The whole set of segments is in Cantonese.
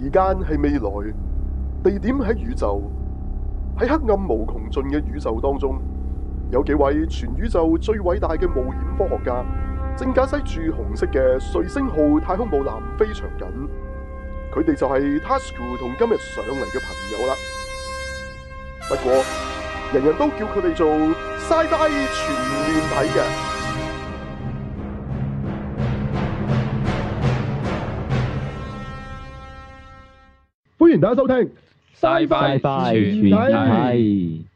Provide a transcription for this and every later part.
時間係未來，地點喺宇宙，喺黑暗無窮盡嘅宇宙當中，有幾位全宇宙最偉大嘅冒險科學家，正駕駛住紅色嘅瑞星號太空母艦，非常緊，佢哋就係 Tasuku 同今日上嚟嘅朋友啦。不過人人都叫佢哋做 Scifi 全面睇嘅。大家收聽晒 y e b y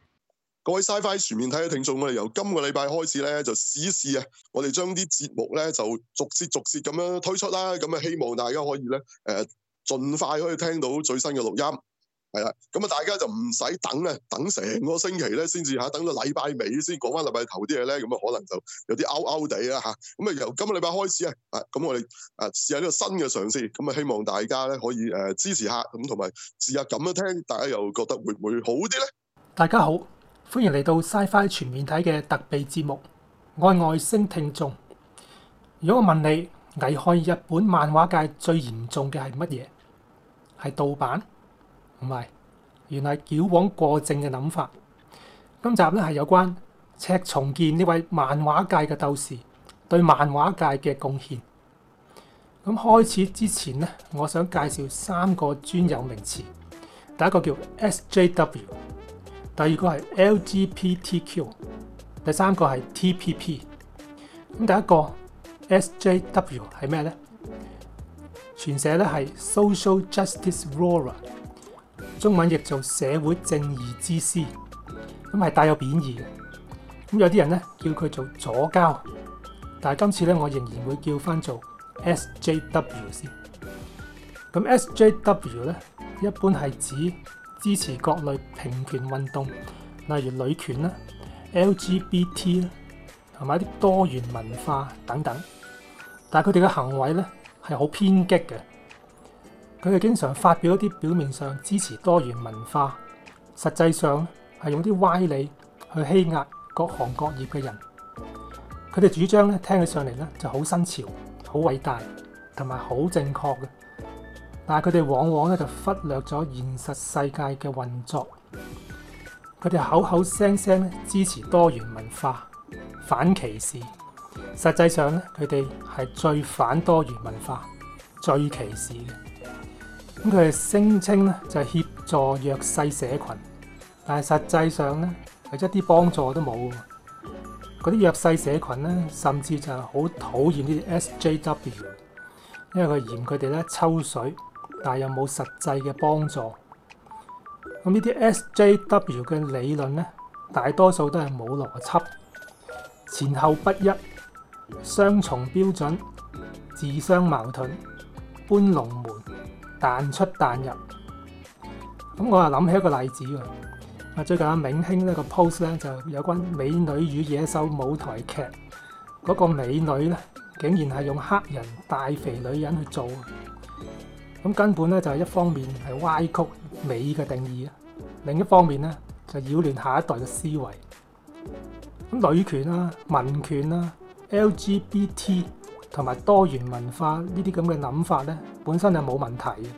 各位 bye b 全面睇嘅聽眾，我哋由今個禮拜開始咧就試一試啊！我哋將啲節目咧就逐節逐節咁樣推出啦，咁啊希望大家可以咧誒，盡快可以聽到最新嘅錄音。係啦，咁啊，大家就唔使等咧，等成個星期咧，先至吓，等到禮拜尾先講翻禮拜頭啲嘢咧，咁啊，可能就有啲拗拗地啦吓。咁啊，由今個禮拜開始啊，咁我哋啊試下呢個新嘅嘗試，咁啊，希望大家咧可以誒支持下，咁同埋試下咁樣聽，大家又覺得會唔會好啲咧？大家好，歡迎嚟到《Sci-Fi 全面睇》嘅特備節目，我係外星聽眾。如果我問你危害日本漫畫界最嚴重嘅係乜嘢？係盜版。唔係，原嚟矯枉過正嘅諗法。今集咧係有關赤松健呢位漫畫界嘅鬥士對漫畫界嘅貢獻。咁開始之前咧，我想介紹三個專有名詞。第一個叫 SJW，第二個係 LGBTQ，第三個係 TPP。咁第一個 SJW 係咩咧？全寫咧係 Social Justice Warrior 中文譯做社會正義之師，咁係帶有貶義嘅。咁有啲人咧叫佢做左膠，但係今次咧我仍然會叫翻做 SJW 先。咁 SJW 咧一般係指支持各類平權運動，例如女權啦、LGBT 啦，同埋啲多元文化等等。但係佢哋嘅行為咧係好偏激嘅。佢哋經常發表一啲表面上支持多元文化，實際上咧係用啲歪理去欺壓各行各業嘅人。佢哋主張咧聽起上嚟咧就好新潮、好偉大同埋好正確嘅，但係佢哋往往咧就忽略咗現實世界嘅運作。佢哋口口聲聲咧支持多元文化、反歧視，實際上咧佢哋係最反多元文化、最歧視嘅。咁佢哋聲稱咧就係協助弱勢社群，但係實際上咧係一啲幫助都冇。嗰啲弱勢社群，咧，甚至就係好討厭啲 SJW，因為佢嫌佢哋咧抽水，但係又冇實際嘅幫助。咁呢啲 SJW 嘅理論咧，大多數都係冇邏輯，前後不一，雙重標準，自相矛盾，搬龍門。彈出彈入，咁我又諗起一個例子喎。啊，最近阿明興呢個 post 咧就有關美女與野獸舞台劇嗰、嗰個美女咧，竟然係用黑人大肥女人去做，咁根本咧就係、係、一方面係歪曲美嘅定義啊，另一方面咧就擾亂下一代嘅思維。咁女權啦、啊、民權啦、啊、LGBT。同埋多元文化呢啲咁嘅諗法咧，本身係冇問題嘅。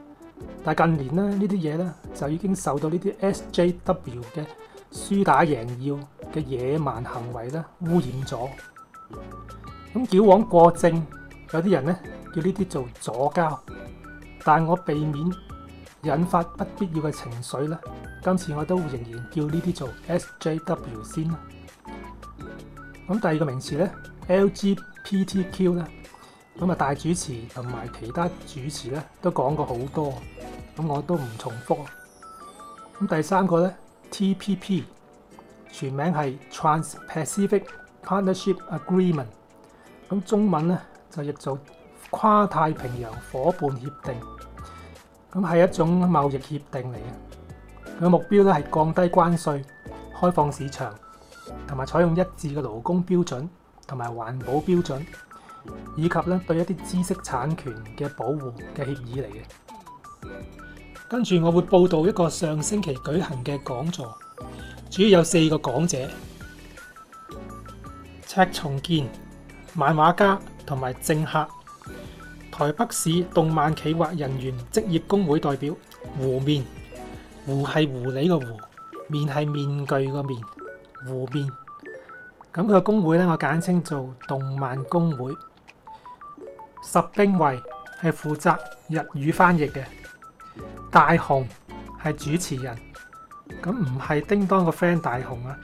但係近年咧，呢啲嘢咧就已經受到呢啲 SJW 嘅輸打贏要嘅野蠻行為咧污染咗。咁矯枉過正，有啲人咧叫呢啲做左膠，但我避免引發不必要嘅情緒咧，今次我都仍然叫呢啲做 SJW 先啦。咁第二個名詞咧，LGBTQ 咧。咁啊，大主持同埋其他主持咧都講過好多，咁我都唔重複。咁第三個咧，TPP，全名係 Trans-Pacific Partnership Agreement，咁中文咧就譯做跨太平洋伙伴協定，咁係一種貿易協定嚟嘅。佢嘅目標咧係降低關稅、開放市場，同埋採用一致嘅勞工標準同埋環保標準。以及咧對一啲知識產權嘅保護嘅協議嚟嘅。跟住我會報道一個上星期舉行嘅講座，主要有四個講者：赤松健、漫畫家同埋政客、台北市動漫企劃人員職業工會代表狐面，狐係狐狸個狐、面係面具個面，狐面。咁佢個工會咧，我簡稱做動漫工會。十兵衛係負責日語翻譯嘅，大雄係主持人，咁唔係叮當嘅 friend 大雄啊，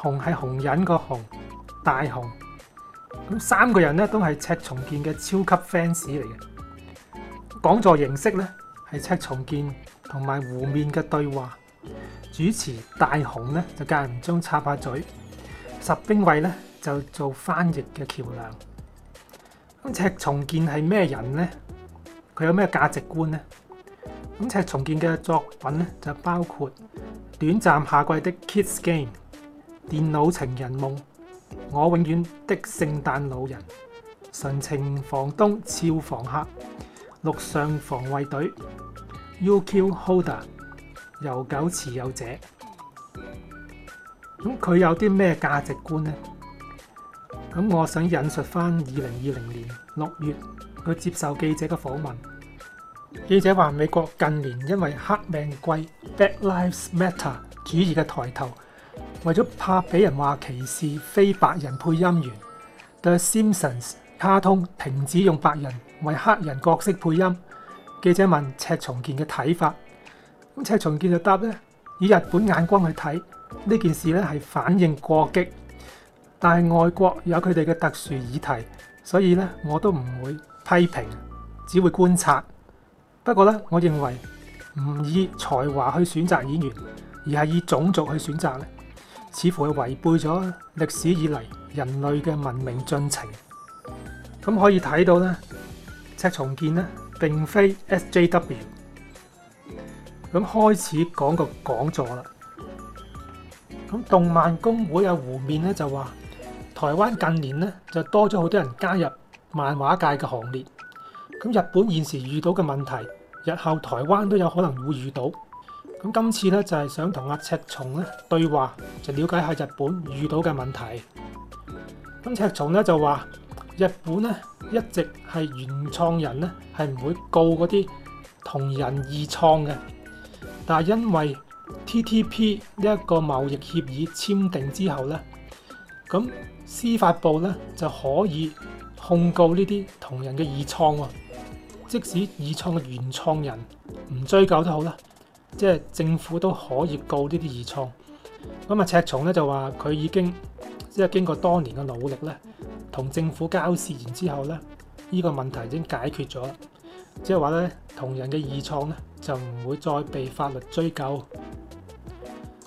雄係紅人個雄，大雄，咁三個人咧都係赤松健嘅超級 fans 嚟嘅。講座形式咧係赤松健同埋湖面嘅對話，主持大雄咧就間唔中插下嘴，十兵衛咧就做翻譯嘅橋樑。咁赤松健係咩人呢？佢有咩價值觀呢？咁赤松健嘅作品咧就包括《短暫夏季的 Kids Game》、《電腦情人夢》、《我永遠的聖誕老人》、《純情房東俏房客》、《陸上防衛隊》、《UQ Holder》、《悠久持有者》。咁佢有啲咩價值觀呢？咁我想引述翻二零二零年六月佢接受記者嘅訪問。記者話美國近年因為黑命貴 （Black Lives Matter） 主義嘅抬頭，為咗怕俾人話歧視非白人配音員，The Simpsons 卡通停止用白人為黑人角色配音。記者問赤松健嘅睇法，咁赤松健就答咧，以日本眼光去睇呢件事咧係反應過激。但係外國有佢哋嘅特殊議題，所以咧我都唔會批評，只會觀察。不過咧，我認為唔以才華去選擇演員，而係以種族去選擇咧，似乎係違背咗歷史以嚟人類嘅文明進程。咁可以睇到咧，赤松健咧並非 SJW。咁開始講個講座啦。咁動漫公會嘅湖面咧就話。台灣近年咧就多咗好多人加入漫畫界嘅行列。咁日本現時遇到嘅問題，日後台灣都有可能會遇到。咁今次咧就係、是、想同阿赤松咧對話，就了解下日本遇到嘅問題。咁赤松咧就話：日本咧一直係原創人咧係唔會告嗰啲同人二創嘅，但係因為 TTP 呢一個貿易協議簽訂之後咧，咁。司法部咧就可以控告呢啲同人嘅二創喎，即使二創嘅原創人唔追究都好啦，即係政府都可以告呢啲二創。咁啊，赤松咧就話佢已經即係、就是、經過多年嘅努力咧，同政府交涉完之後咧，呢、這個問題已經解決咗，即係話咧同人嘅二創咧就唔會再被法律追究。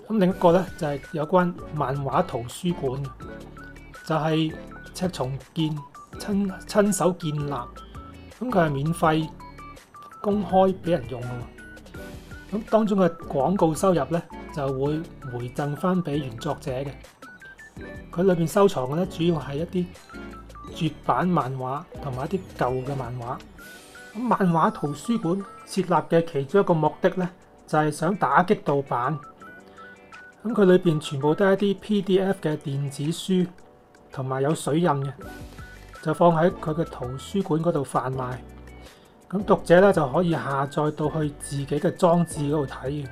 咁另一個咧就係、是、有關漫畫圖書館。就係、是、赤松健親親手建立，咁佢係免費公開俾人用嘅。咁當中嘅廣告收入咧就會回贈翻俾原作者嘅。佢裏邊收藏嘅咧主要係一啲絕版漫畫同埋一啲舊嘅漫畫。咁漫畫圖書館設立嘅其中一個目的咧就係、是、想打擊盜版。咁佢裏邊全部都係一啲 PDF 嘅電子書。同埋有水印嘅，就放喺佢嘅圖書館嗰度販賣，咁讀者咧就可以下載到去自己嘅裝置嗰度睇嘅。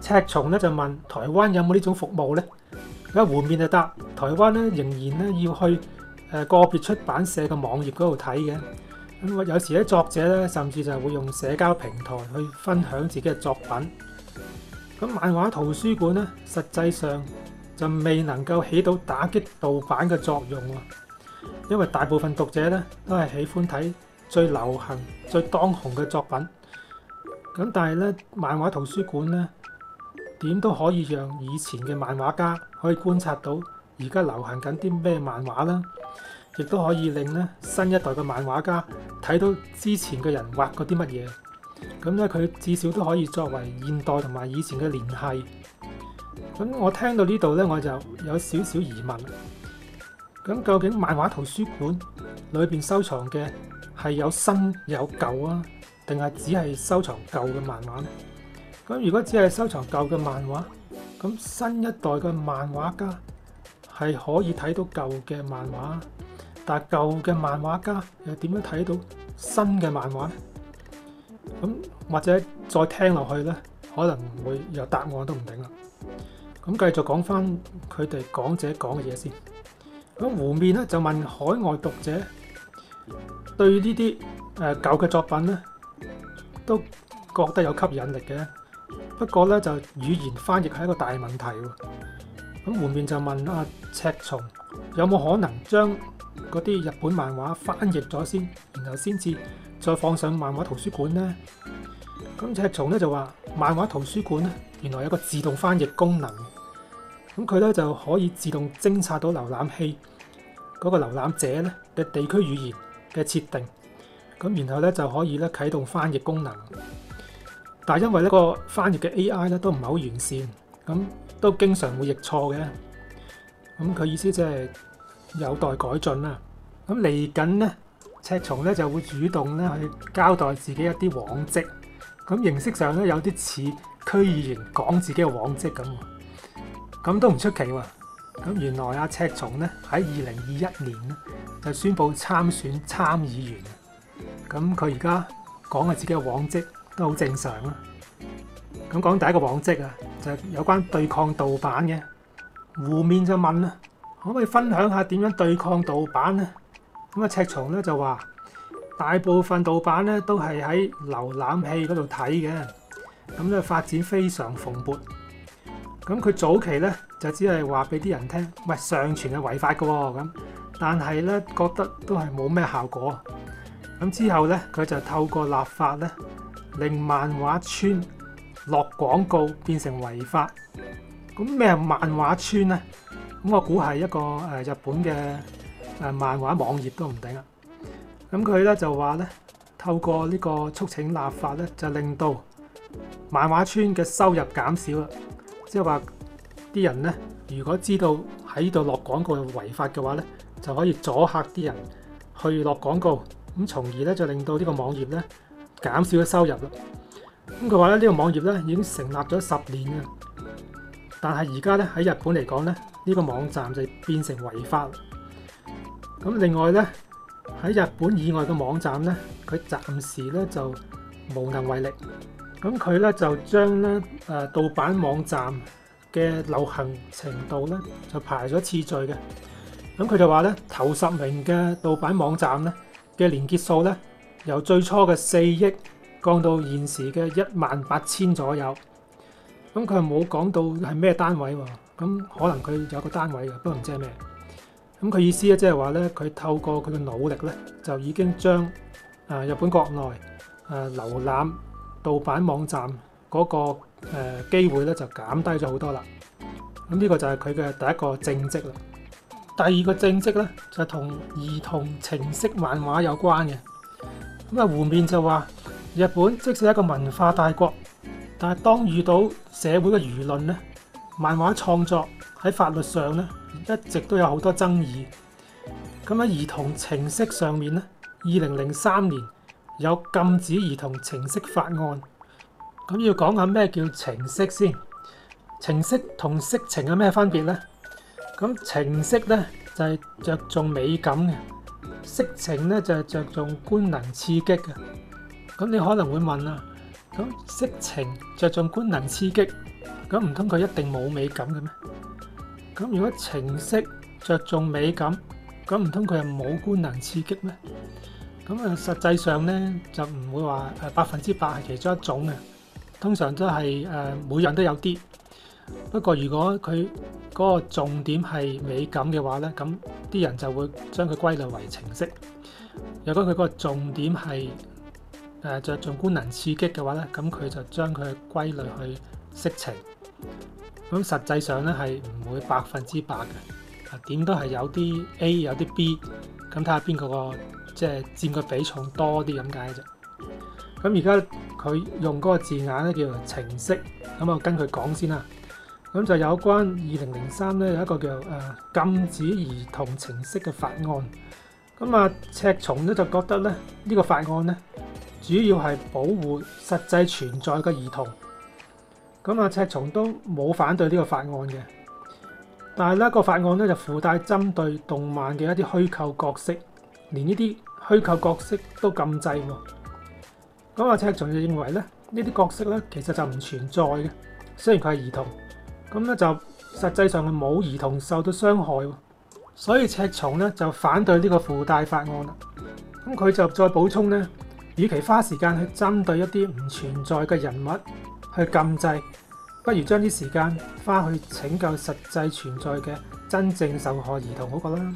咁赤松咧就問：台灣有冇呢種服務咧？而家湖面就答：台灣咧仍然咧要去誒、呃、個別出版社嘅網頁嗰度睇嘅。咁有時啲作者咧，甚至就係會用社交平台去分享自己嘅作品。咁漫畫圖書館咧，實際上，就未能夠起到打擊盜版嘅作用喎，因為大部分讀者咧都係喜歡睇最流行、最當紅嘅作品。咁但係咧，漫畫圖書館咧點都可以讓以前嘅漫畫家可以觀察到而家流行緊啲咩漫畫啦，亦都可以令咧新一代嘅漫畫家睇到之前嘅人畫過啲乜嘢。咁咧，佢至少都可以作為現代同埋以前嘅聯繫。咁我聽到呢度咧，我就有少少疑問。咁究竟漫畫圖書館裏邊收藏嘅係有新有舊啊？定係只係收藏舊嘅漫畫咧？咁如果只係收藏舊嘅漫畫，咁新一代嘅漫畫家係可以睇到舊嘅漫畫，但係舊嘅漫畫家又點樣睇到新嘅漫畫咧？咁或者再聽落去咧，可能會有答案都唔定啦。咁繼續講返佢哋講者講嘅嘢先。咁湖面咧就問海外讀者對呢啲誒舊嘅作品咧都覺得有吸引力嘅，不過咧就語言翻譯係一個大問題喎。咁湖面就問阿、啊、赤松有冇可能將嗰啲日本漫畫翻譯咗先，然後先至再放上漫畫圖書館咧？咁赤松咧就話漫畫圖書館咧原來有個自動翻譯功能。咁佢咧就可以自動偵察到瀏覽器嗰個瀏覽者咧嘅地區語言嘅設定，咁然後咧就可以咧啟動翻譯功能。但係因為呢個翻譯嘅 AI 咧都唔係好完善，咁都經常會譯錯嘅。咁佢意思即係有待改進啦。咁嚟緊咧，赤松咧就會主動咧去交代自己一啲往績。咁形式上咧有啲似區議員講自己嘅往績咁。咁都唔出奇喎，咁原來阿赤松咧喺二零二一年咧就宣布參選參議員，咁佢而家講嘅自己嘅往績都好正常啦。咁講第一個往績啊，就係有關對抗盜版嘅。湖面就問啦，可唔可以分享下點樣對抗盜版咧？咁阿赤松咧就話，大部分盜版咧都係喺瀏覽器嗰度睇嘅，咁咧發展非常蓬勃。咁佢早期咧就只係話俾啲人聽，喂，上傳係違法嘅喎、哦。咁但係咧覺得都係冇咩效果、啊。咁之後咧佢就透過立法咧，令漫畫村落廣告變成違法。咁咩係漫畫村咧？咁我估係一個、呃、日本嘅漫畫網頁都唔定啦。咁佢咧就話咧，透過呢個促請立法咧，就令到漫畫村嘅收入減少啦。即係話啲人咧，如果知道喺度落廣告違法嘅話咧，就可以阻嚇啲人去落廣告，咁從而咧就令到呢個網頁咧減少咗收入咯。咁佢話咧，呢個網頁咧已經成立咗十年啦，但係而家咧喺日本嚟講咧，呢個網站就變成違法。咁另外咧喺日本以外嘅網站咧，佢暫時咧就無能為力。咁佢咧就將咧誒，盜版網站嘅流行程度咧就排咗次序嘅。咁佢就話咧，頭十名嘅盜版網站咧嘅連結數咧由最初嘅四億降到現時嘅一萬八千左右。咁佢冇講到係咩單位喎，啊。咁可能佢有個單位嘅，啊，不過唔知係咩。咁佢意思咧，即係話咧佢透過佢嘅努力咧就已經將誒、呃、日本國內誒瀏覽。呃盜版網站嗰、那個誒、呃、機會咧就減低咗好多啦，咁呢個就係佢嘅第一個政績啦。第二個政績咧就同兒童情色漫畫有關嘅。咁啊，湖面就話日本即使係一個文化大國，但係當遇到社會嘅輿論咧，漫畫創作喺法律上咧一直都有好多爭議。咁喺兒童情色上面咧，二零零三年，有禁止兒童情色法案，咁要講下咩叫情色先？情色同色情有咩分別呢？咁情色咧就係、是、着重美感嘅，色情咧就係、是、着重官能刺激嘅。咁你可能會問啊，咁色情着重官能刺激，咁唔通佢一定冇美感嘅咩？咁如果情色着重美感，咁唔通佢又冇官能刺激咩？咁啊，實際上咧就唔會話誒百分之百係其中一種嘅。通常都係誒、呃、每樣都有啲。不過如果佢嗰個重點係美感嘅話咧，咁啲人就會將佢歸類為情色；如果佢嗰個重點係誒着重官能刺激嘅話咧，咁佢就將佢歸類去色情。咁實際上咧係唔會百分之百嘅，點都係有啲 A 有啲 B，咁睇下邊個個。即係佔個比重多啲咁解啫。咁而家佢用嗰個字眼咧叫做情色，咁啊跟佢講先啦。咁就有關二零零三咧有一個叫做、啊、禁止兒童情色嘅法案。咁啊赤松咧就覺得咧呢、呢個法案咧主要係保護實際存在嘅兒童。咁啊赤松都冇反對呢個法案嘅，但係咧、呢個法案咧就附帶針對動漫嘅一啲虛構角色。連呢啲虛構角色都禁制喎，咁阿赤松就認為咧，呢啲角色咧其實就唔存在嘅，雖然佢係兒童，咁咧就實際上係冇兒童受到傷害，所以赤松咧就反對呢個附帶法案啦。咁佢就再補充咧，與其花時間去針對一啲唔存在嘅人物去禁制，不如將啲時間花去拯救實際存在嘅真正受害兒童嗰個啦。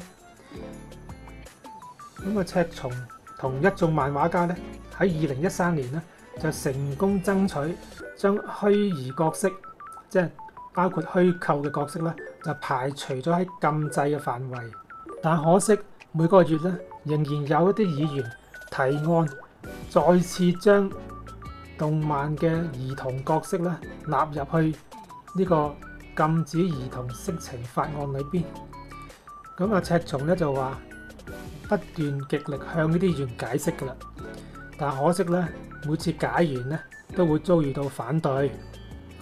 咁啊，赤松同一眾漫畫家咧，喺二零一三年咧就成功爭取將虛擬角色，即包括虛構嘅角色咧，就排除咗喺禁制嘅範圍。但可惜每個月咧，仍然有一啲議員提案再次將動漫嘅兒童角色咧納入去呢個禁止兒童色情法案裏邊。咁啊，赤松咧就話，不斷極力向呢啲議員解釋㗎啦，但可惜咧，每次解完咧，都會遭遇到反對。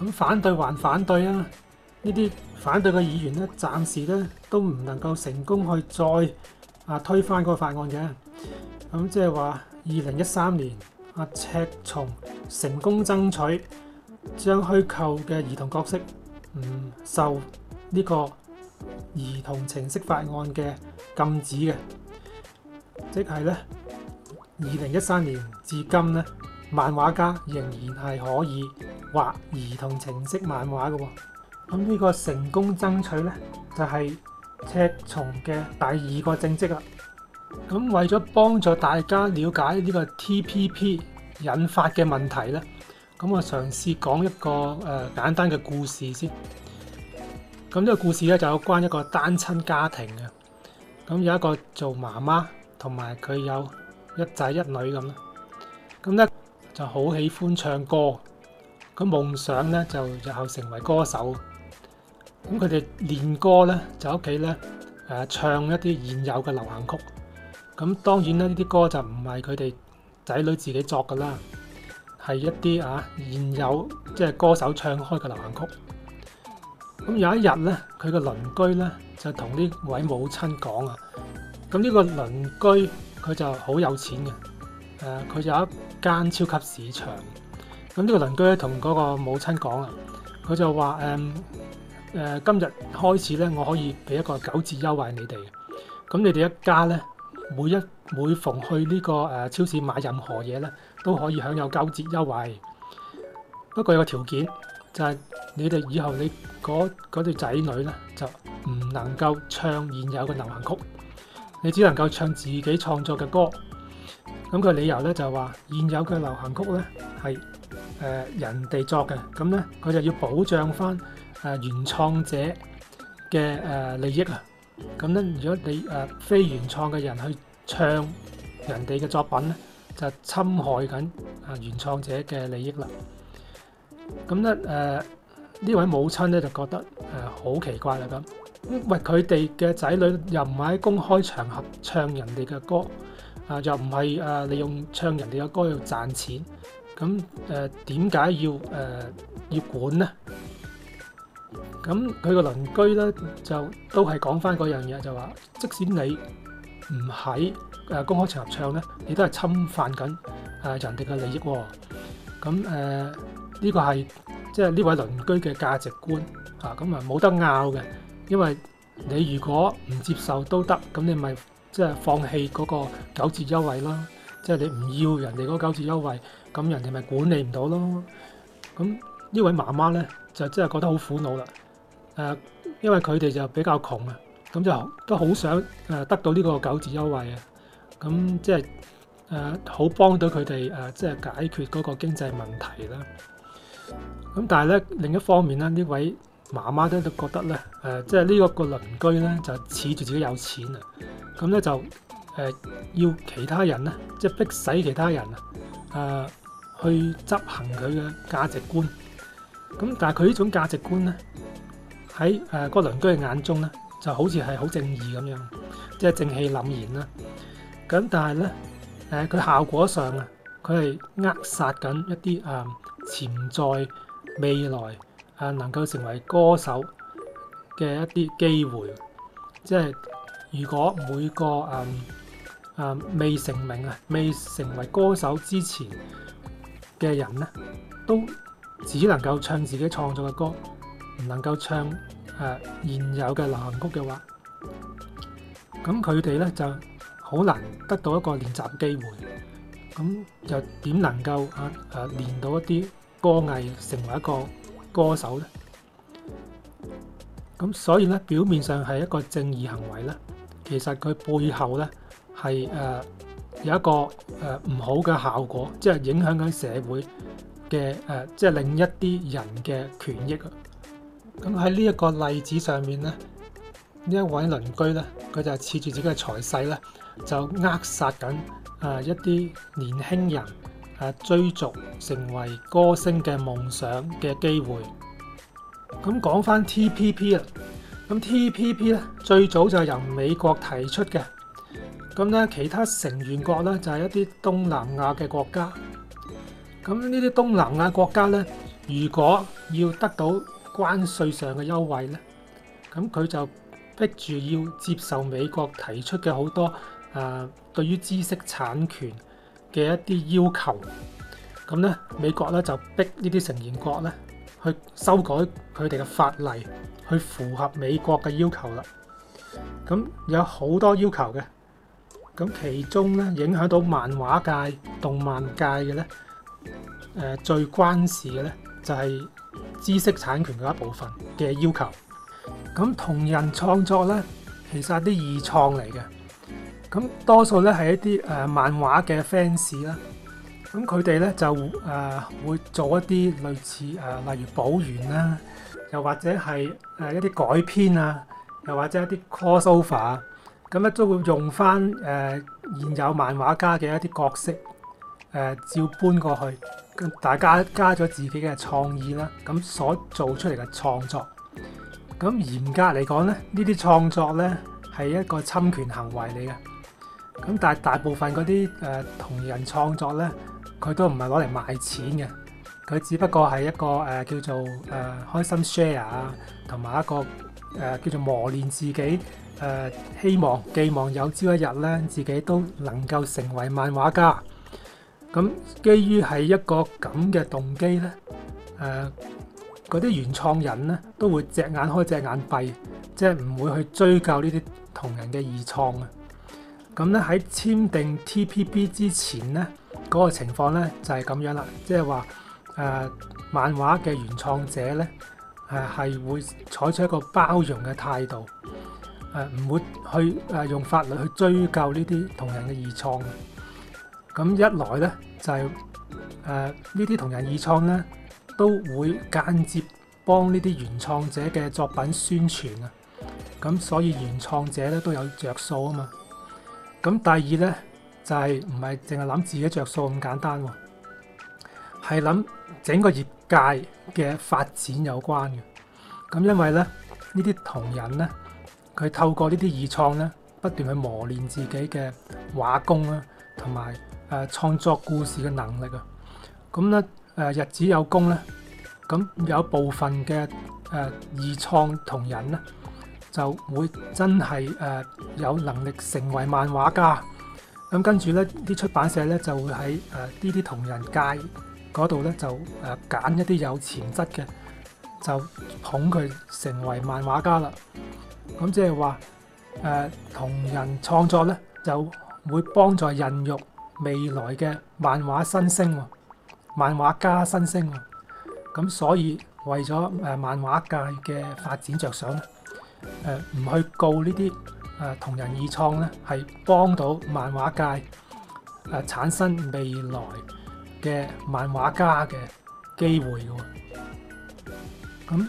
咁反對還反對啊！呢啲反對嘅議員咧，暫時咧都唔能夠成功去再啊推翻個法案嘅。咁即係話，二零一三年啊，赤松成功爭取將虛構嘅兒童角色唔受呢個兒童情色法案嘅禁止嘅。即係咧，二零一三年至今咧，漫畫家仍然係可以畫兒童情色漫畫嘅喎。咁、這、呢個成功爭取咧，就係赤松嘅第二個政績啦。咁為咗幫助大家了解呢個 TPP 引發嘅問題咧，咁我嘗試講一個誒、呃、簡單嘅故事先。咁、這、呢個故事咧就有關一個單親家庭嘅，咁有一個做媽媽。同埋佢有一仔一女咁咯，咁咧就好喜歡唱歌，佢夢想咧就日後成為歌手。咁佢哋練歌咧就喺屋企咧誒唱一啲現有嘅流行曲。咁當然咧呢啲歌就唔係佢哋仔女自己作㗎啦，係一啲啊現有即係、就是、歌手唱開嘅流行曲。咁有一日咧，佢嘅鄰居咧就同呢位母親講啊。咁呢個鄰居佢就好有錢嘅，佢、呃、有一間超級市場。咁呢個鄰居咧同嗰個母親講啊，佢就話、嗯呃、今日開始咧，我可以俾一個九折優惠你哋。咁你哋一家咧，每一每逢去呢、呢個、呃、超市買任何嘢咧，都可以享有九折優惠。不過有個條件就係、係、你哋以後你嗰對仔女咧就唔能夠唱現有嘅流行曲。你只能夠唱自己創作嘅歌，咁佢理由咧就係話現有嘅流行曲咧係誒人哋作嘅，咁咧佢就要保障返誒原創者嘅誒利益啊。咁咧如果你誒非原創嘅人去唱人哋嘅作品咧，就侵害緊啊原創者嘅利益啦。咁咧誒呢位母親咧就覺得誒好奇怪啦咁。喂，佢哋嘅仔女又唔喺公開場合唱人哋嘅歌啊，又唔係誒利用唱人哋嘅歌賺、呃、要賺錢咁誒？點、呃、解要誒要管咧？咁佢個鄰居咧就都係講翻嗰樣嘢，就話即使你唔喺誒公開場合唱咧，你都係侵犯緊誒人哋嘅利益喎、哦。咁誒呢個係即係呢位鄰居嘅價值觀啊，咁啊冇得拗嘅。因為你如果唔接受都得，咁你咪即係放棄嗰個九折優惠咯。即係你唔要人哋嗰九折優惠，咁人哋咪管理唔到咯。咁呢位媽媽咧，就真係覺得好苦惱啦。誒，因為佢哋就比較窮啊，咁就都好想誒得到呢個九折優惠啊。咁即係誒好幫到佢哋誒，即係解決嗰個經濟問題啦。咁但係咧另一方面咧，呢位媽媽咧都覺得咧，誒、呃、即係呢一個鄰居咧就恃住自己有錢啊，咁咧就誒、呃、要其他人咧，即係逼使其他人啊、呃、去執行佢嘅價值觀。咁但係佢呢種價值觀咧，喺誒個鄰居嘅眼中咧就好似係好正義咁樣，即係正氣凛然啦。咁但係咧，誒、呃、佢效果上啊，佢係扼殺緊一啲啊潛在未來。誒能夠成為歌手嘅一啲機會，即係如果每個誒誒、嗯嗯、未成名啊、未成為歌手之前嘅人咧，都只能夠唱自己創作嘅歌，唔能夠唱誒、啊、現有嘅流行曲嘅話，咁佢哋咧就好難得到一個練習機會。咁又點能夠啊誒、啊、練到一啲歌藝，成為一個歌手咧，咁所以咧，表面上係一個正義行為咧，其實佢背後咧係誒有一個誒唔好嘅效果，即係影響緊社會嘅誒即係另一啲人嘅權益啊。咁喺呢一個例子上面咧，呢一位鄰居咧，佢就係恃住自己嘅財勢咧，就扼殺緊誒一啲年輕人。追逐成為歌星嘅夢想嘅機會。咁講翻 TPP 啦。咁 TPP 咧最早就係由美國提出嘅。咁咧其他成員國咧就係、是、一啲東南亞嘅國家。咁呢啲東南亞國家咧，如果要得到關稅上嘅優惠咧，咁佢就逼住要接受美國提出嘅好多啊、呃，對於知識產權，嘅一啲要求，咁咧美國咧就逼呢啲成員國咧去修改佢哋嘅法例，去符合美國嘅要求啦。咁有好多要求嘅，咁其中咧影響到漫畫界、動漫界嘅咧，誒、呃、最關事嘅咧就係知識產權嘅一部分嘅要求。咁同人創作咧，其實係啲異創嚟嘅。咁多數咧係一啲誒漫畫嘅 fans 啦，咁佢哋咧就誒會做一啲類似誒，例如補完啦，又或者係誒一啲改編啊，又或者一啲 crossover 啊，咁咧都會用翻誒現有漫畫家嘅一啲角色誒照搬過去，咁大家加咗自己嘅創意啦，咁所做出嚟嘅創作，咁嚴格嚟講咧，呢啲創作咧係一個侵權行為嚟嘅。咁但係大部分嗰啲誒同人創作咧，佢都唔係攞嚟賣錢嘅，佢只不過係一個誒、呃、叫做誒、呃、開心 share 啊，同埋一個誒、呃、叫做磨練自己誒、呃、希望寄望有朝一日咧，自己都能夠成為漫畫家。咁基於係一個咁嘅動機咧，誒嗰啲原創人咧都會隻眼開隻眼閉，即係唔會去追究呢啲同人嘅二創啊。咁咧喺簽訂 TPP 之前咧，嗰、那個情況咧就係咁樣啦，即係話誒漫畫嘅原創者咧誒係會採取一個包容嘅態度誒，唔、呃、會去誒、呃、用法律去追究呢啲同人嘅二創。咁一來咧就係誒呢啲同人二創咧都會間接幫呢啲原創者嘅作品宣傳啊，咁所以原創者咧都有着數啊嘛。咁第二咧就係唔係淨係諗自己着數咁簡單喎、哦，係諗整個業界嘅發展有關嘅。咁因為咧呢啲同人咧，佢透過這些異呢啲二創咧不斷去磨練自己嘅畫功啦，同埋誒創作故事嘅能力啊。咁咧誒日子有功咧，咁有部分嘅誒二創同人咧，就會真係誒有能力成為漫畫家咁，跟住咧啲出版社咧就會喺誒呢啲同人界嗰度咧就誒揀一啲有潛質嘅，就捧佢成為漫畫家啦。咁即係話誒同人創作咧，就會幫助孕育未來嘅漫畫新星、漫畫家新星。咁所以為咗誒漫畫界嘅發展着想。誒、呃，唔去告這些、呃、呢啲誒同人異創咧，係幫到漫畫界誒、呃、產生未來嘅漫畫家嘅機會嘅。咁、嗯、呢、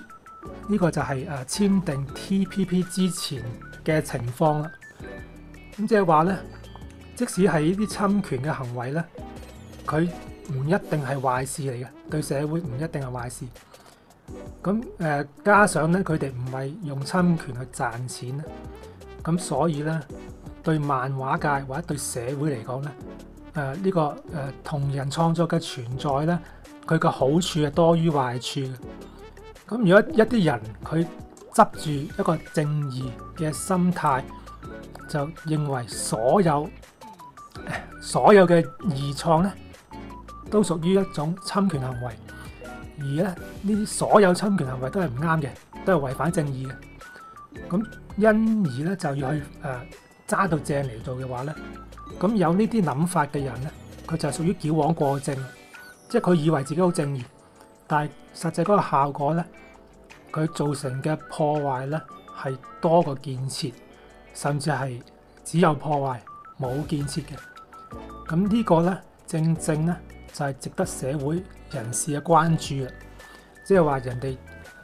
這個就係誒簽訂 TPP 之前嘅情況啦。咁即係話咧，即使係呢啲侵權嘅行為咧，佢唔一定係壞事嚟嘅，對社會唔一定係壞事。咁誒，加上咧，佢哋唔係用侵權去賺錢咧，咁所以咧，對漫畫界或者對社會嚟講咧，誒、這、呢個誒同人創作嘅存在咧，佢個好處係多於壞處。咁如果一啲人佢執住一個正義嘅心態，就認為所有所有嘅二創咧，都屬於一種侵權行為。而咧，呢啲所有侵權行為都係唔啱嘅，都係違反正義嘅。咁因而咧，就要去誒揸到正嚟做嘅話咧，咁有這些呢啲諗法嘅人咧，佢就係屬於矯枉過正，即係佢以為自己好正義，但係實際嗰個效果咧，佢造成嘅破壞咧係多過建設，甚至係只有破壞冇建設嘅。咁呢個咧，正正咧。就係、是、值得社會人士嘅關注啊！即係話人哋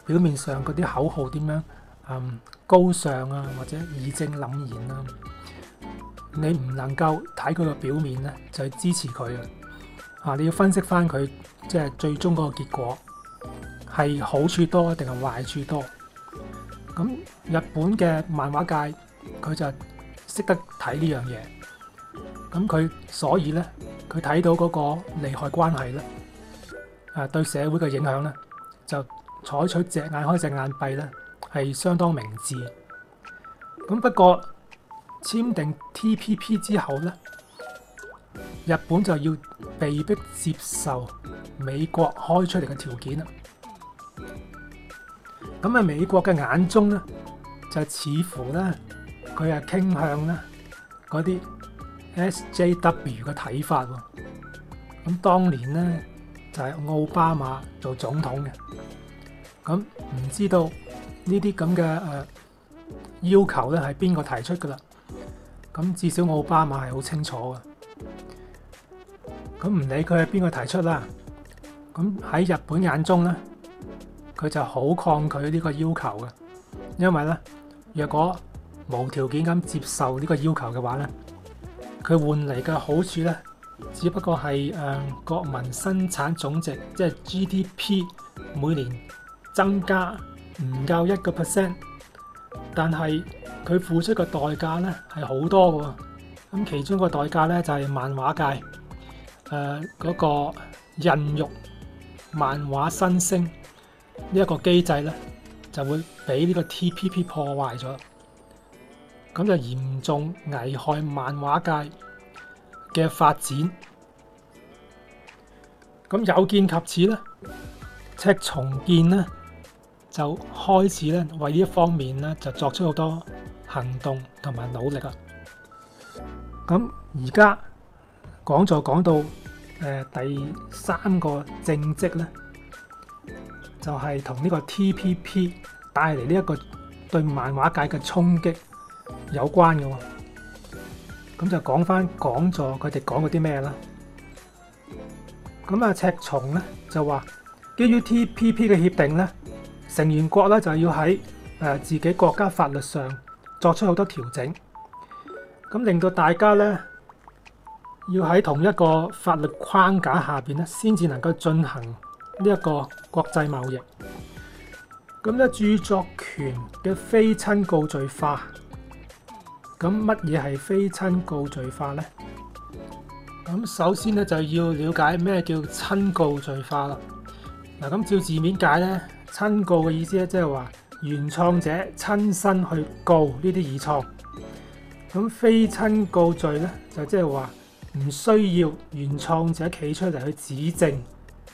表面上嗰啲口號點樣嗯高尚啊，或者義正凜然啦、啊，你唔能夠睇佢個表面咧，就去支持佢啊！你要分析翻佢即係最終嗰個結果係好處多定係壞處多？咁日本嘅漫畫界佢就識得睇呢樣嘢。咁佢所以咧，佢睇到嗰個利害關係咧，啊對社會嘅影響咧，就採取隻眼開隻眼閉咧，係相當明智。咁不過簽訂 TPP 之後咧，日本就要被迫接受美國開出嚟嘅條件啦。咁喺美國嘅眼中咧，就似乎咧，佢係傾向咧嗰啲。SJW 嘅睇法喎，咁當年咧就係奧巴馬做總統嘅，咁唔知道呢啲咁嘅誒要求咧係邊個提出噶啦？咁至少奧巴馬係好清楚嘅，咁唔理佢係邊個提出啦，咁喺日本眼中咧，佢就好抗拒呢個要求嘅，因為咧若果無條件咁接受呢個要求嘅話咧。佢換嚟嘅好處咧，只不過係誒、呃、國民生產總值，即係 GDP 每年增加唔夠一個 percent，但係佢付出嘅代價咧係好多喎。咁、啊、其中個代價咧就係、係、漫畫界誒嗰、呃嗰個孕育漫畫新星呢一個機制咧，就會俾呢個 TPP 破壞咗。咁就嚴重危害漫畫界嘅發展。咁有見及此咧，赤松健咧就開始咧為呢一方面咧就作出好多行動同埋努力啊。咁而家講就講到、呃、第三個政績咧，就係同呢個 TPP 帶嚟呢一個對漫畫界嘅衝擊。有關嘅喎，咁就講翻講座佢哋講嗰啲咩啦。咁啊，赤松咧就話，基於 TPP 嘅協定咧，成員國咧就要喺誒、呃、自己國家法律上作出好多調整，咁令到大家咧要喺同一個法律框架下邊咧，先至能夠進行呢一個國際貿易。咁咧，著作權嘅非親告罪化。咁乜嘢係非親告罪法咧？咁首先咧就要了解咩叫親告罪法啦。嗱，咁照字面解咧，親告嘅意思咧即係話原創者親身去告呢啲二創。咁非親告罪咧就即係話唔需要原創者企出嚟去指證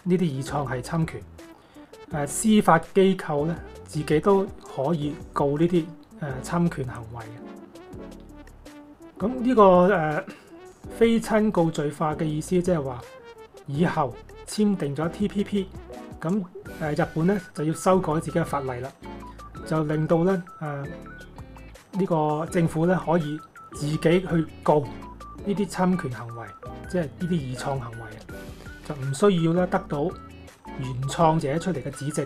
呢啲二創係侵權。誒、呃，司法機構咧自己都可以告呢啲誒侵權行為。咁呢、這個誒、呃，非親告罪化嘅意思就是說，即係話以後簽訂咗 T P P，咁誒日本咧就要修改自己嘅法例啦，就令到咧誒呢、呃這個政府咧可以自己去告呢啲侵權行為，即係呢啲二創行為，就唔需要咧得到原創者出嚟嘅指證。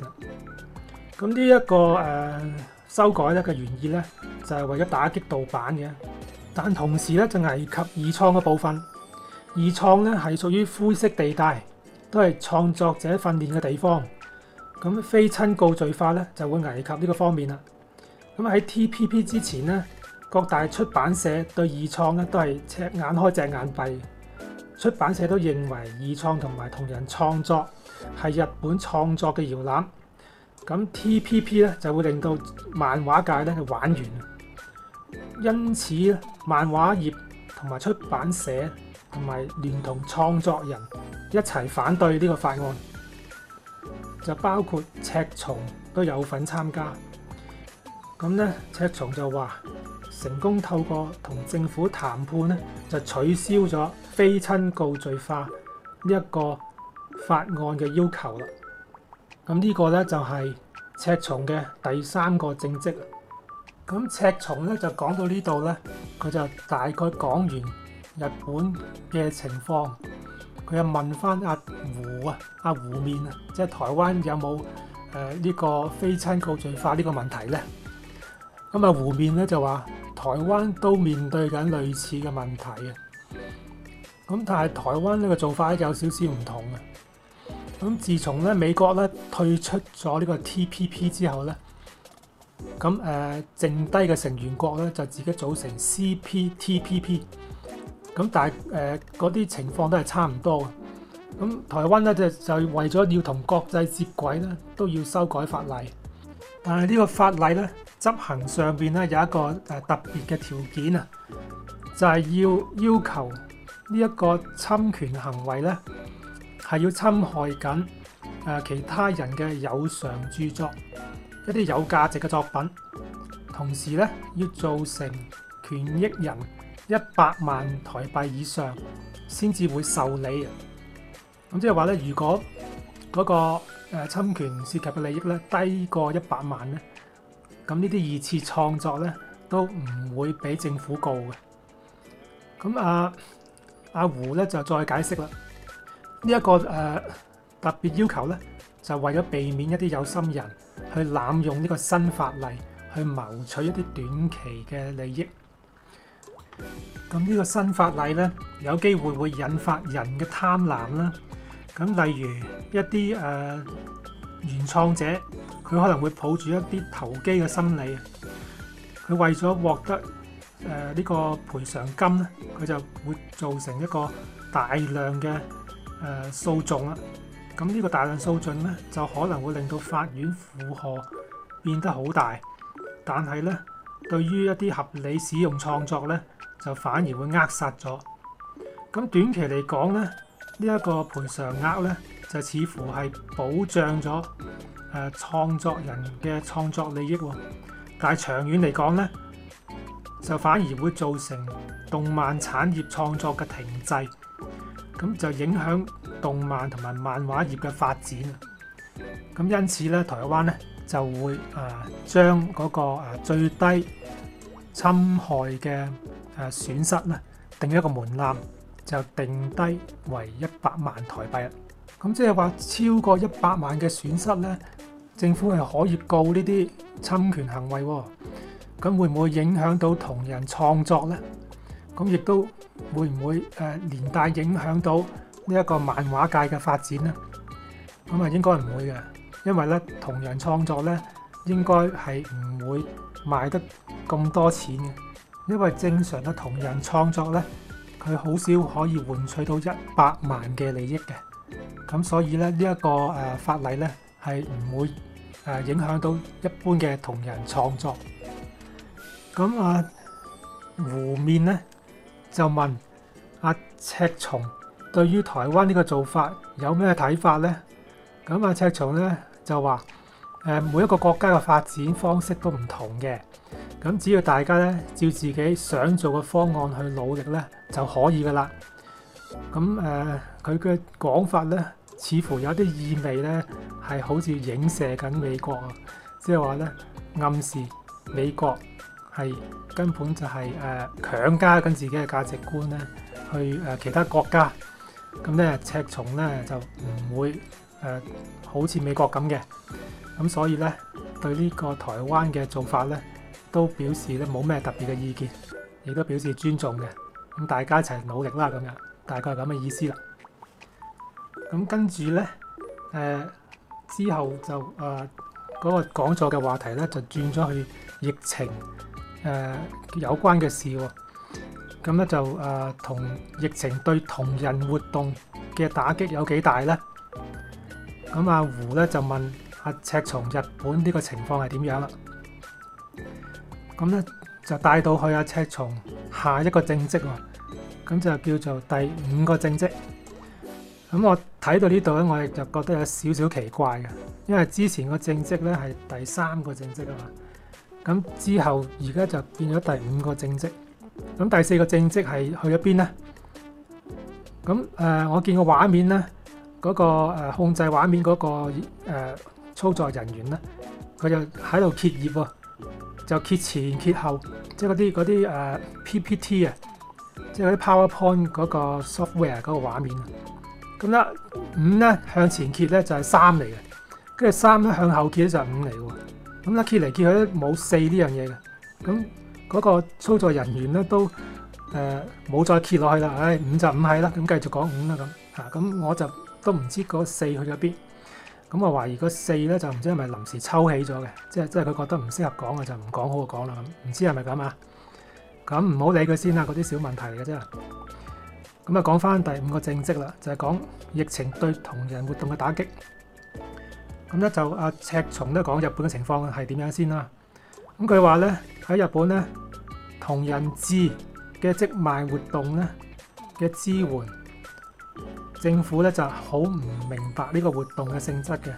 咁呢一個誒、呃、修改咧嘅原意咧，就係、是、為咗打擊盜版嘅。但同時咧，就危及二創嘅部分。二創咧係屬於灰色地帶，都係創作者訓練嘅地方。咁非親告罪化咧就會危及呢個方面啦。咁喺 TPP 之前咧，各大出版社對二創咧都係隻眼開隻眼閉。出版社都認為二創同埋同人創作係日本創作嘅搖籃。咁 TPP 咧就會令到漫畫界咧玩完。因此，漫畫業同埋出版社同埋連同創作人一齊反對呢個法案，就包括赤松都有份參加。咁咧，赤松就話成功透過同政府談判咧，就取消咗非親告罪化呢一個法案嘅要求啦。咁呢個咧就係赤松嘅第三個政績。咁赤松咧就講到呢度咧，佢就大概講完日本嘅情況。佢又問翻阿胡啊，阿胡面啊，即係台灣有冇呢個非親告罪法呢個問題咧？咁啊，胡面咧就話、是、台灣、呃這個、都面對緊類似嘅問題啊。咁但係台灣呢個做法有少少唔同啊。咁自從咧美國咧退出咗呢個 TPP 之後咧，咁誒、呃，剩低嘅成員國咧就自己組成 CPTPP，咁但係誒嗰啲情況都係差唔多。咁台灣咧就就為咗要同國際接軌咧，都要修改法例。但係呢個法例咧執行上面咧有一個誒特別嘅條件啊，就係、是、要要求呢一個侵權行為咧係要侵害緊誒其他人嘅有償著作。一啲有價值嘅作品，同時咧要造成權益人一百萬台幣以上先至會受理。咁即係話咧，如果嗰個誒侵權涉及嘅利益咧低過一百萬咧，咁呢啲二次創作咧都唔會俾政府告嘅。咁阿阿胡咧就再解釋啦。呢一個誒特別要求咧，就為咗避免一啲有心人。去濫用呢個新法例去謀取一啲短期嘅利益，咁呢個新法例咧有機會會引發人嘅貪婪啦。咁例如一啲誒、呃、原創者，佢可能會抱住一啲投機嘅心理，佢為咗獲得誒呢、呃這個賠償金咧，佢就會造成一個大量嘅誒訴訟啦。呃咁呢個大量訴訟咧，就可能會令到法院負荷變得好大，但係咧，對於一啲合理使用創作咧，就反而會扼殺咗。咁短期嚟講咧，呢、這、一個賠償額咧，就似乎係保障咗誒創作人嘅創作利益喎，但係長遠嚟講咧，就反而會造成動漫產業創作嘅停滯。咁就影響動漫同埋漫畫業嘅發展。咁因此咧，台灣咧就會啊將嗰個、啊、最低侵害嘅誒損失咧定一個門檻，就定低為一百萬台幣。咁即係話超過一百萬嘅損失咧，政府係可以告呢啲侵權行為。咁會唔會影響到同人創作咧？咁亦都會唔會誒連帶影響到呢一個漫畫界嘅發展咧？咁啊，應該唔會嘅，因為咧同人創作咧應該係唔會賣得咁多錢嘅，因為正常嘅同人創作咧，佢好少可以換取到一百萬嘅利益嘅。咁所以咧呢一個誒法例咧係唔會誒影響到一般嘅同人創作。咁啊，湖面咧？就問阿赤松對於台灣呢個做法有咩睇法咧？咁阿赤松咧就話，誒、呃、每一個國家嘅發展方式都唔同嘅，咁只要大家咧照自己想做嘅方案去努力咧就可以㗎喇。咁誒佢嘅講法咧，似乎有啲意味咧，係好似影射緊美國，即係話咧暗示美國。係根本就係、是、誒、呃、強加緊自己嘅價值觀咧，去誒、呃、其他國家咁咧、嗯，赤松咧就唔會誒、呃、好似美國咁嘅咁，所以咧對呢個台灣嘅做法咧都表示咧冇咩特別嘅意見，亦都表示尊重嘅咁、嗯，大家一齊努力啦咁樣，大概係咁嘅意思啦。咁、嗯、跟住咧誒之後就誒嗰、呃那個講座嘅話題咧就轉咗去疫情。誒、呃、有關嘅事喎、哦，咁、嗯、咧就誒同、呃、疫情對同人活動嘅打擊有幾大咧？咁、嗯、阿、啊、胡咧就問阿、啊、赤松日本呢個情況係點樣啦？咁、嗯、咧、嗯、就帶到去阿、啊、赤松下一個正職喎，咁、嗯、就叫做第五個正職。咁我睇到呢度咧，我亦就覺得有少少奇怪嘅，因為之前個正職咧係第三個正職啊嘛。咁之後，而家就變咗第五個正職。咁第四個正職係去咗邊咧？咁誒、呃，我見個畫面咧，嗰個控制畫面嗰個、呃、操作人員咧，佢就喺度揭頁喎，就揭前揭後，即係嗰啲嗰啲誒 PPT 啊，即係嗰啲 PowerPoint 嗰個 software 嗰個畫面。咁咧五咧向前揭咧就係三嚟嘅，跟住三咧向後揭就係五嚟喎。咁 c 揭嚟揭去冇四呢樣嘢嘅，咁嗰個操作人員咧都冇、呃、再揭落去啦，唉、哎、五就五係啦，咁繼續講五啦咁吓，咁我就都唔知嗰四去咗邊，咁我懷疑嗰四咧就唔知係咪臨時抽起咗嘅，即係即係佢覺得唔適合講啊就唔講好過講啦咁，唔知係咪咁啊？咁唔好理佢先啦，嗰啲小問題嚟嘅啫。咁啊講翻第五個正職啦，就係、是、講疫情對同人活動嘅打擊。咁咧就阿赤松咧講日本嘅情況係點樣先啦？咁佢話咧喺日本咧，同人誌嘅即賣活動咧嘅支援，政府咧就好唔明白呢個活動嘅性質嘅。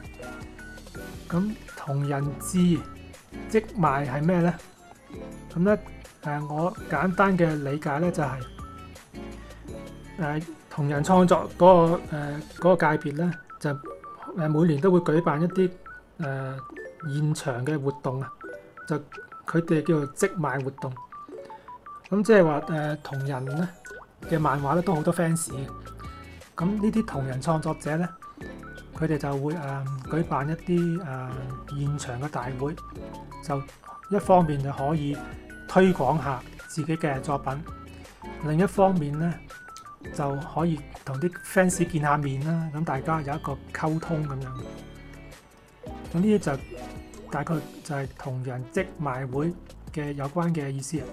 咁同人誌即賣係咩咧？咁咧誒，我簡單嘅理解咧就係、是、誒、呃、同人創作嗰、那個誒、呃那個、界別咧就。誒每年都會舉辦一啲誒、呃、現場嘅活動啊，就佢哋叫做即賣活動。咁即係話誒同人咧嘅漫畫咧都好多 fans 嘅。咁呢啲同人創作者咧，佢哋就會誒、呃、舉辦一啲誒、呃、現場嘅大會，就一方面就可以推廣下自己嘅作品，另一方面咧，就可以同啲 fans 見下面啦，咁大家有一個溝通咁樣。咁呢啲就大概就係同人即賣會嘅有關嘅意思啊。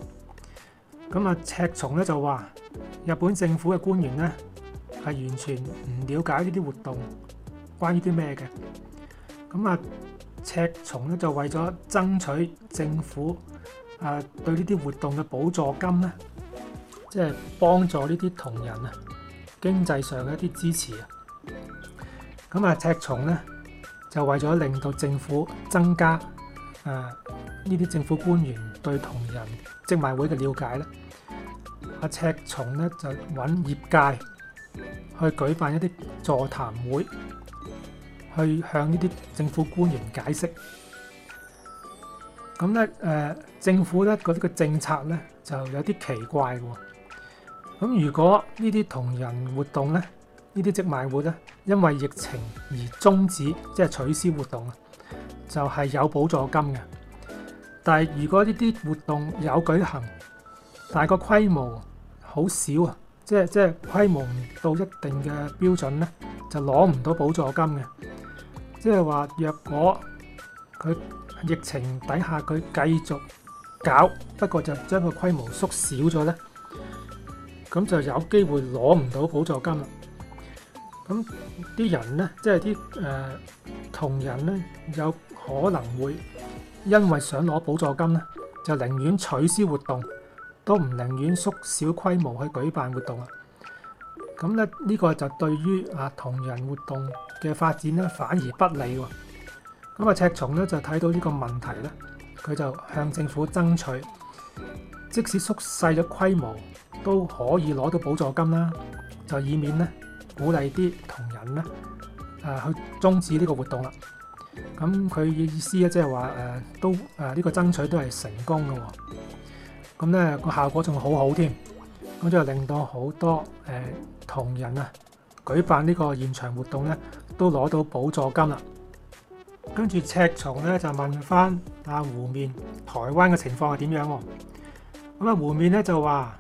咁啊，赤松咧就話日本政府嘅官員咧係完全唔了解呢啲活動關於啲咩嘅。咁啊，赤松咧就為咗爭取政府誒、啊、對呢啲活動嘅補助金咧。即係幫助呢啲同人啊，經濟上嘅一啲支持啊。咁啊，赤松咧就為咗令到政府增加啊呢啲政府官員對同人即賣會嘅瞭解咧，啊，赤松咧就揾業界去舉辦一啲座談會，去向呢啲政府官員解釋。咁咧誒，政府咧嗰啲嘅政策咧就有啲奇怪嘅喎。咁如果呢啲同人活動咧，呢啲即賣活咧，因為疫情而中止，即係取消活動啊，就係有補助金嘅。但係如果呢啲活動有舉行，但係個規模好少啊，即係即係規模唔到一定嘅標準咧，就攞唔到補助金嘅。即係話，若果佢疫情底下佢繼續搞，不過就將個規模縮小咗咧。咁就有機會攞唔到補助金啦。咁啲人呢，即係啲誒同人呢，有可能會因為想攞補助金呢，就寧願取消活動，都唔寧願縮小規模去舉辦活動啦。咁咧，呢個就對於啊同人活動嘅發展呢，反而不利喎。咁啊，赤松呢，就睇到呢個問題呢，佢就向政府爭取，即使縮細咗規模。都可以攞到補助金啦，就以免咧鼓勵啲同人咧啊、呃、去中止呢個活動啦。咁佢嘅意思咧，即係話誒都誒呢、呃這個爭取都係成功嘅喎、哦。咁、嗯、咧、這個效果仲好好添，咁、嗯、就令到好多誒、呃、同人啊舉辦呢個現場活動咧都攞到補助金啦。跟住赤松咧就問返阿湖面台灣嘅情況係點樣喎、哦？咁啊湖面咧就話。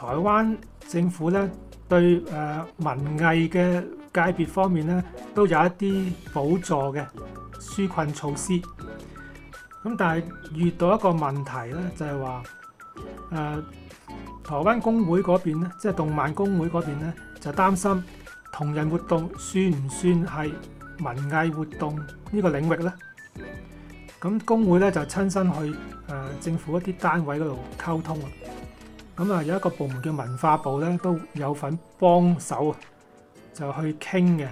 台灣政府咧對誒文藝嘅界別方面咧都有一啲補助嘅紓困措施，咁但係遇到一個問題咧，就係話誒台灣工會嗰邊咧，即係動漫工會嗰邊咧，就擔心同人活動算唔算係文藝活動呢個領域咧？咁工會咧就親身去誒政府一啲單位嗰度溝通。咁、嗯、啊，有一個部門叫文化部咧，都有份幫手啊，就去傾嘅。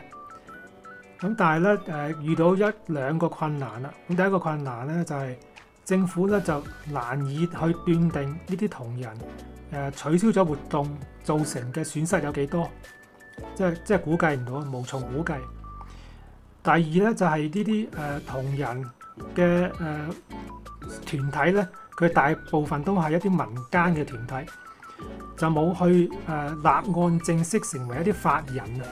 咁、嗯、但係咧，誒、呃、遇到一兩個困難啦。咁、嗯、第一個困難咧就係、是、政府咧就難以去斷定呢啲同人誒、呃、取消咗活動造成嘅損失有幾多，即係即係估計唔到，無從估計。第二咧就係呢啲誒同人嘅誒團體咧。佢大部分都係一啲民間嘅團體，就冇去誒立案正式成為一啲法人啊。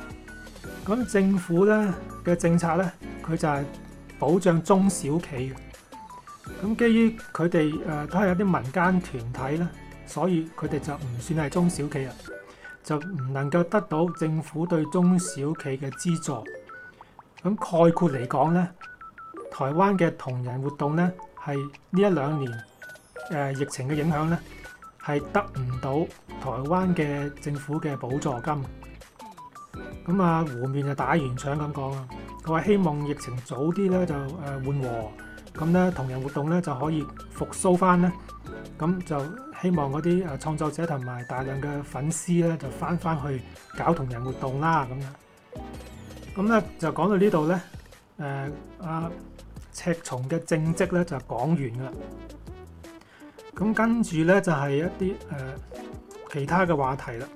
咁政府咧嘅政策咧，佢就係保障中小企嘅。咁基於佢哋誒都係一啲民間團體咧，所以佢哋就唔算係中小企啊，就唔能夠得到政府對中小企嘅資助。咁概括嚟講咧，台灣嘅同人活動咧係呢一兩年，疫情嘅影響呢，係得唔到台灣嘅政府嘅補助金。咁啊，湖面就打圓場咁講啊，佢話希望疫情早啲呢就緩和，咁呢同人活動呢就可以復甦返啦。咁就希望嗰啲創作者同埋大量嘅粉絲呢，就返返去搞同人活動啦，咁樣。咁呢就講到呢度呢，呃，阿赤松嘅政績呢，就講完㗎喇。咁跟住咧就係、是、一啲誒、呃、其他嘅話題啦。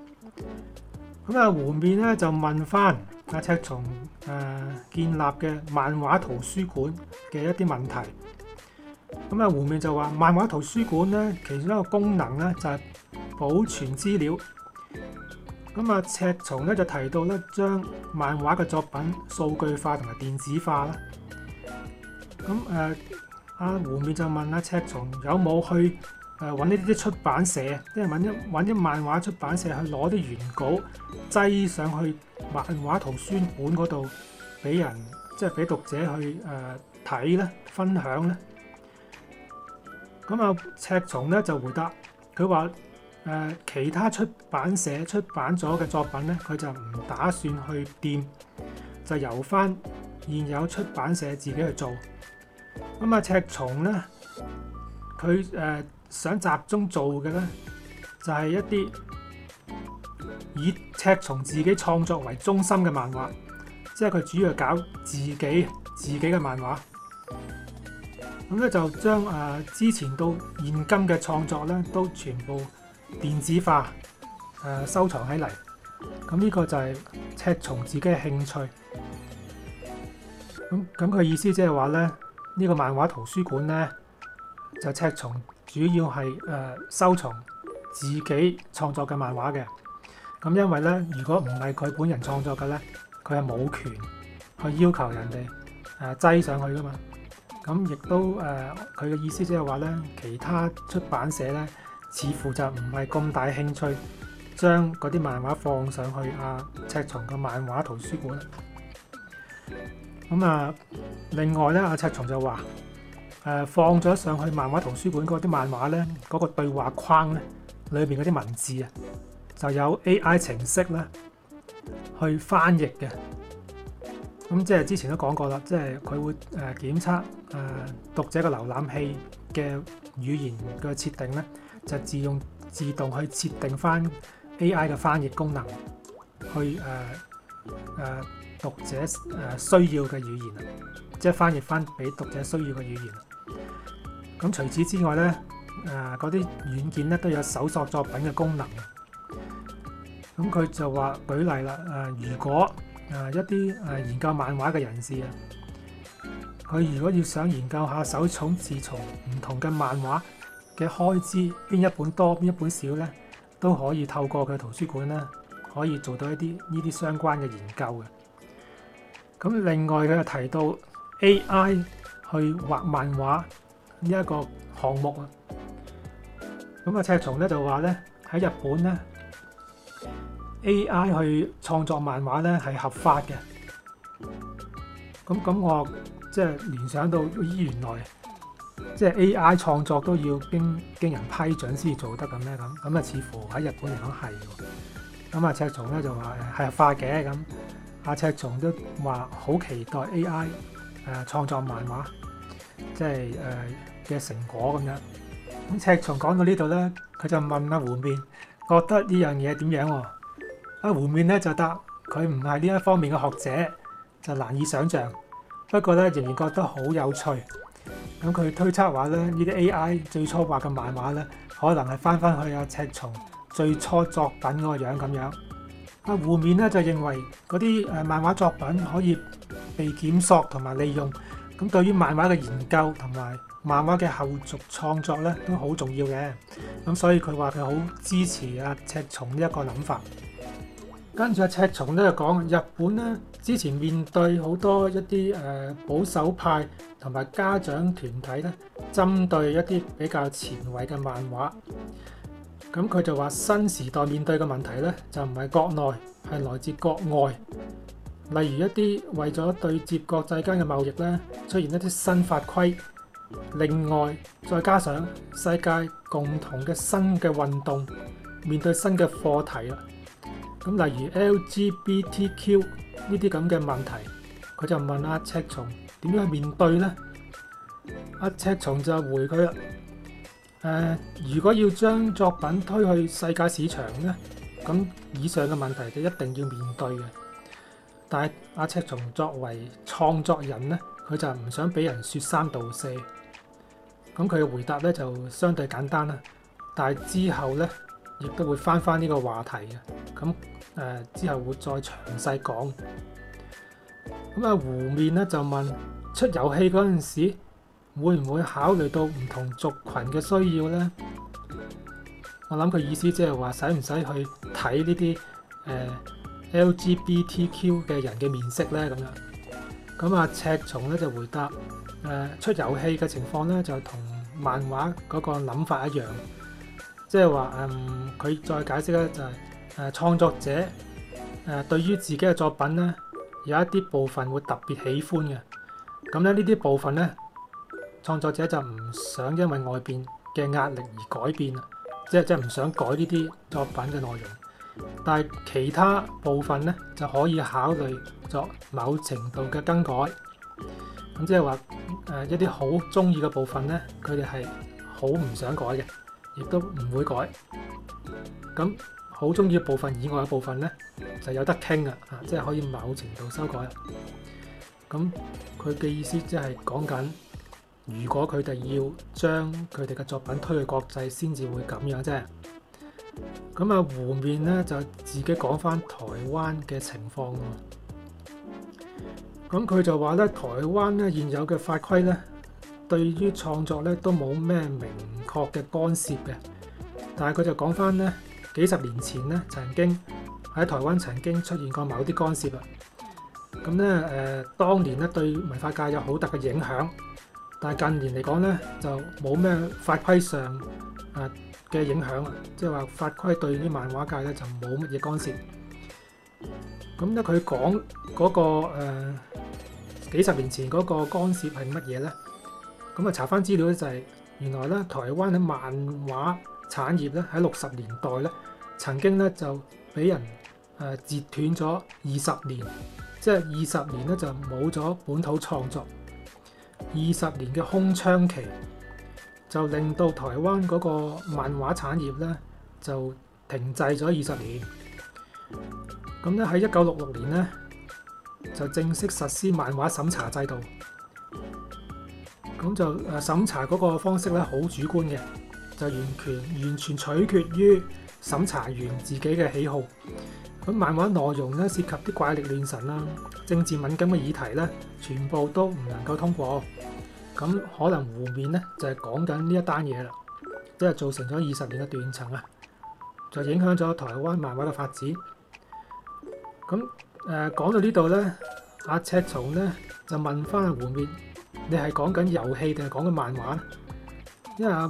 咁啊，湖面咧就問翻阿赤松誒、呃、建立嘅漫畫圖書館嘅一啲問題。咁啊，湖面就話漫畫圖書館咧其中一個功能咧就係、是、保存資料。咁啊，赤松咧就提到咧將漫畫嘅作品數據化同埋電子化啦。咁誒。呃啊！湖面就問阿赤松有冇去誒揾呢啲出版社，即係揾一揾啲漫畫出版社去攞啲原稿，擠上去漫畫圖書本嗰度俾人，即係俾讀者去誒睇咧、分享咧。咁啊，赤松咧就回答，佢話誒其他出版社出版咗嘅作品咧，佢就唔打算去掂，就由翻現有出版社自己去做。咁啊，赤松咧，佢誒、呃、想集中做嘅咧，就係、是、一啲以赤松自己創作為中心嘅漫畫，即係佢主要係搞自己自己嘅漫畫。咁咧就將誒、呃、之前到現今嘅創作咧，都全部電子化誒、呃、收藏起嚟。咁呢個就係赤松自己嘅興趣。咁咁佢意思即係話咧。呢、這個漫畫圖書館咧就是、赤松主要係誒、呃、收藏自己創作嘅漫畫嘅，咁、嗯、因為咧如果唔係佢本人創作嘅咧，佢係冇權去要求人哋誒擠上去㗎嘛，咁、嗯、亦都誒佢嘅意思即係話咧，其他出版社咧似乎就唔係咁大興趣將嗰啲漫畫放上去阿、啊、赤松嘅漫畫圖書館咁、嗯、啊，另外咧，阿赤松就話：誒、呃、放咗上去漫畫圖書館嗰啲漫畫咧，嗰、那個對話框咧，裏邊嗰啲文字啊，就有 AI 程式咧去翻譯嘅。咁、嗯、即係之前都講過啦，即係佢會誒檢測誒讀者嘅瀏覽器嘅語言嘅設定咧，就自用自動去設定 AI 的翻 AI 嘅翻譯功能去誒誒。呃呃讀者誒需要嘅語言，即係翻譯翻俾讀者需要嘅語言。咁除此之外咧，誒嗰啲軟件咧都有搜索作品嘅功能。咁佢就話舉例啦，誒如果誒一啲誒研究漫畫嘅人士啊，佢如果要想研究下手塚治虫唔同嘅漫畫嘅開支邊一本多邊一本少咧，都可以透過佢圖書館咧，可以做到一啲呢啲相關嘅研究嘅。咁另外佢又提到 A.I. 去畫漫畫呢一個項目啊，咁啊赤松咧就話咧，喺日本咧 A.I. 去創作漫畫咧係合法嘅，咁咁我即係聯想到，咦，原來即係 A.I. 創作都要經經人批准先至做得咁咧咁，咁啊似乎喺日本嚟講係，咁啊赤松咧就話誒係合法嘅咁。阿赤松都話好期待 AI 誒創作漫畫，即係誒嘅成果咁樣。咁赤松講到呢度咧，佢就問阿胡面覺得呢樣嘢點樣？阿胡面咧就答：佢唔係呢一方面嘅學者，就難以想像。不過咧仍然覺得好有趣。咁佢推測話咧，呢啲 AI 最初畫嘅漫畫咧，可能係翻翻去阿赤松最初作品嗰樣咁樣。湖面咧就認為嗰啲誒漫畫作品可以被檢索同埋利用，咁對於漫畫嘅研究同埋漫畫嘅後續創作咧都好重要嘅，咁所以佢話佢好支持阿赤松呢一個諗法。跟住阿赤松咧就講，日本咧之前面對好多一啲誒保守派同埋家長團體咧，針對一啲比較前衛嘅漫畫。咁佢就話新時代面對嘅問題咧，就唔係國內，係來自國外。例如一啲為咗對接國際間嘅貿易咧，出現一啲新法規。另外，再加上世界共同嘅新嘅運動，面對新嘅課題啦。咁例如 LGBTQ 呢啲咁嘅問題，佢就問阿赤松點樣面對呢？阿赤松就回佢啦。誒、呃，如果要將作品推去世界市場咧，咁以上嘅問題就一定要面對嘅。但係阿赤松作為創作人咧，佢就唔想俾人説三道四。咁佢嘅回答咧就相對簡單啦。但係之後咧，亦都會返返呢個話題嘅。咁誒、呃、之後會再詳細講。咁阿湖面咧就問出遊戲嗰陣時，會唔會考慮到唔同族群嘅需要咧？我諗佢意思即係話使唔使去睇呢啲誒 LGBTQ 嘅人嘅面色咧，咁樣咁啊、呃？赤松咧就回答誒、呃、出遊戲嘅情況咧就同漫畫嗰個諗法一樣，即係話嗯，佢再解釋咧就係誒創作者誒、呃、對於自己嘅作品咧有一啲部分會特別喜歡嘅，咁咧呢啲部分咧。創作者就唔想因為外邊嘅壓力而改變，即係即係唔想改呢啲作品嘅內容。但係其他部分咧就可以考慮作某程度嘅更改。咁即係話誒一啲好中意嘅部分咧，佢哋係好唔想改嘅，亦都唔會改。咁好中意嘅部分以外嘅部分咧，就有得傾啊！啊，即係可以某程度修改。咁佢嘅意思即係講緊。如果佢哋要將佢哋嘅作品推去國際，先至會咁樣啫。咁啊，湖面咧就自己講返台灣嘅情況。咁佢就話咧，台灣咧現有嘅法規咧，對於創作咧都冇咩明確嘅干涉嘅。但係佢就講返咧，幾十年前咧曾經喺台灣曾經出現過某啲干涉啊。咁咧誒，當年咧對文化界有好大嘅影響。但係近年嚟講咧，就冇咩法規上啊嘅影響啦，即係話法規對啲漫畫界咧就冇乜嘢干涉。咁咧佢講嗰個誒、呃、幾十年前嗰個干涉係乜嘢咧？咁啊查翻資料就係、是、原來咧台灣嘅漫畫產業咧喺六十年代咧曾經咧就俾人誒截斷咗二十年，即係二十年咧就冇咗本土創作。二十年嘅空窗期就令到台灣嗰個漫畫產業咧就停滯咗二十年。咁咧喺一九六六年咧就正式實施漫畫審查制度，咁就誒審查嗰個方式咧好主觀嘅，就完全完全取決於審查員自己嘅喜好。咁漫畫內容咧涉及啲怪力亂神啦、啊，政治敏感嘅議題咧，全部都唔能夠通過。咁可能湖面咧就係講緊呢一單嘢啦，即係造成咗二十年嘅斷層啊，就影響咗台灣漫畫嘅發展。咁誒、呃、講到這裡呢度咧，阿赤松咧就問翻胡面：「你係講緊遊戲定係講緊漫畫咧？」因為阿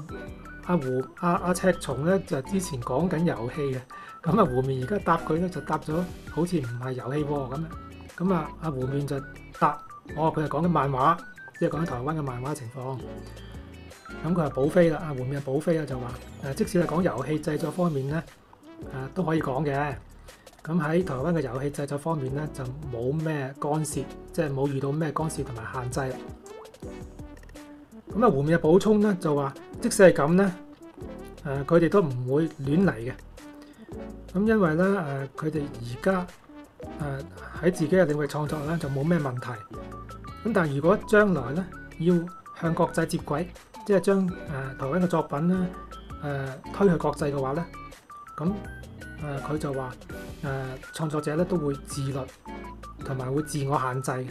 阿胡阿阿赤松咧就之前講緊遊戲嘅。咁啊，湖面而家答佢咧，就答咗好似唔係遊戲喎咁啊！咁啊，阿湖面就答，哦，佢係講緊漫畫，即係講緊台灣嘅漫畫情況。咁佢係補飛啦，阿、啊、湖面補飛啦，就話，誒，即使係講遊戲製作方面咧，誒、啊、都可以講嘅。咁喺台灣嘅遊戲製作方面咧，就冇咩干涉，即係冇遇到咩干涉同埋限制。咁啊，湖面嘅補充咧就話：即使係咁咧，誒、啊，佢哋都唔會亂嚟嘅。咁因為咧，誒佢哋而家誒喺自己嘅領域創作咧，就冇咩問題。咁但係如果將來咧要向國際接軌，即係將誒台灣嘅作品咧誒推去國際嘅話咧，咁誒佢就話誒創作者咧都會自律，同埋會自我限制。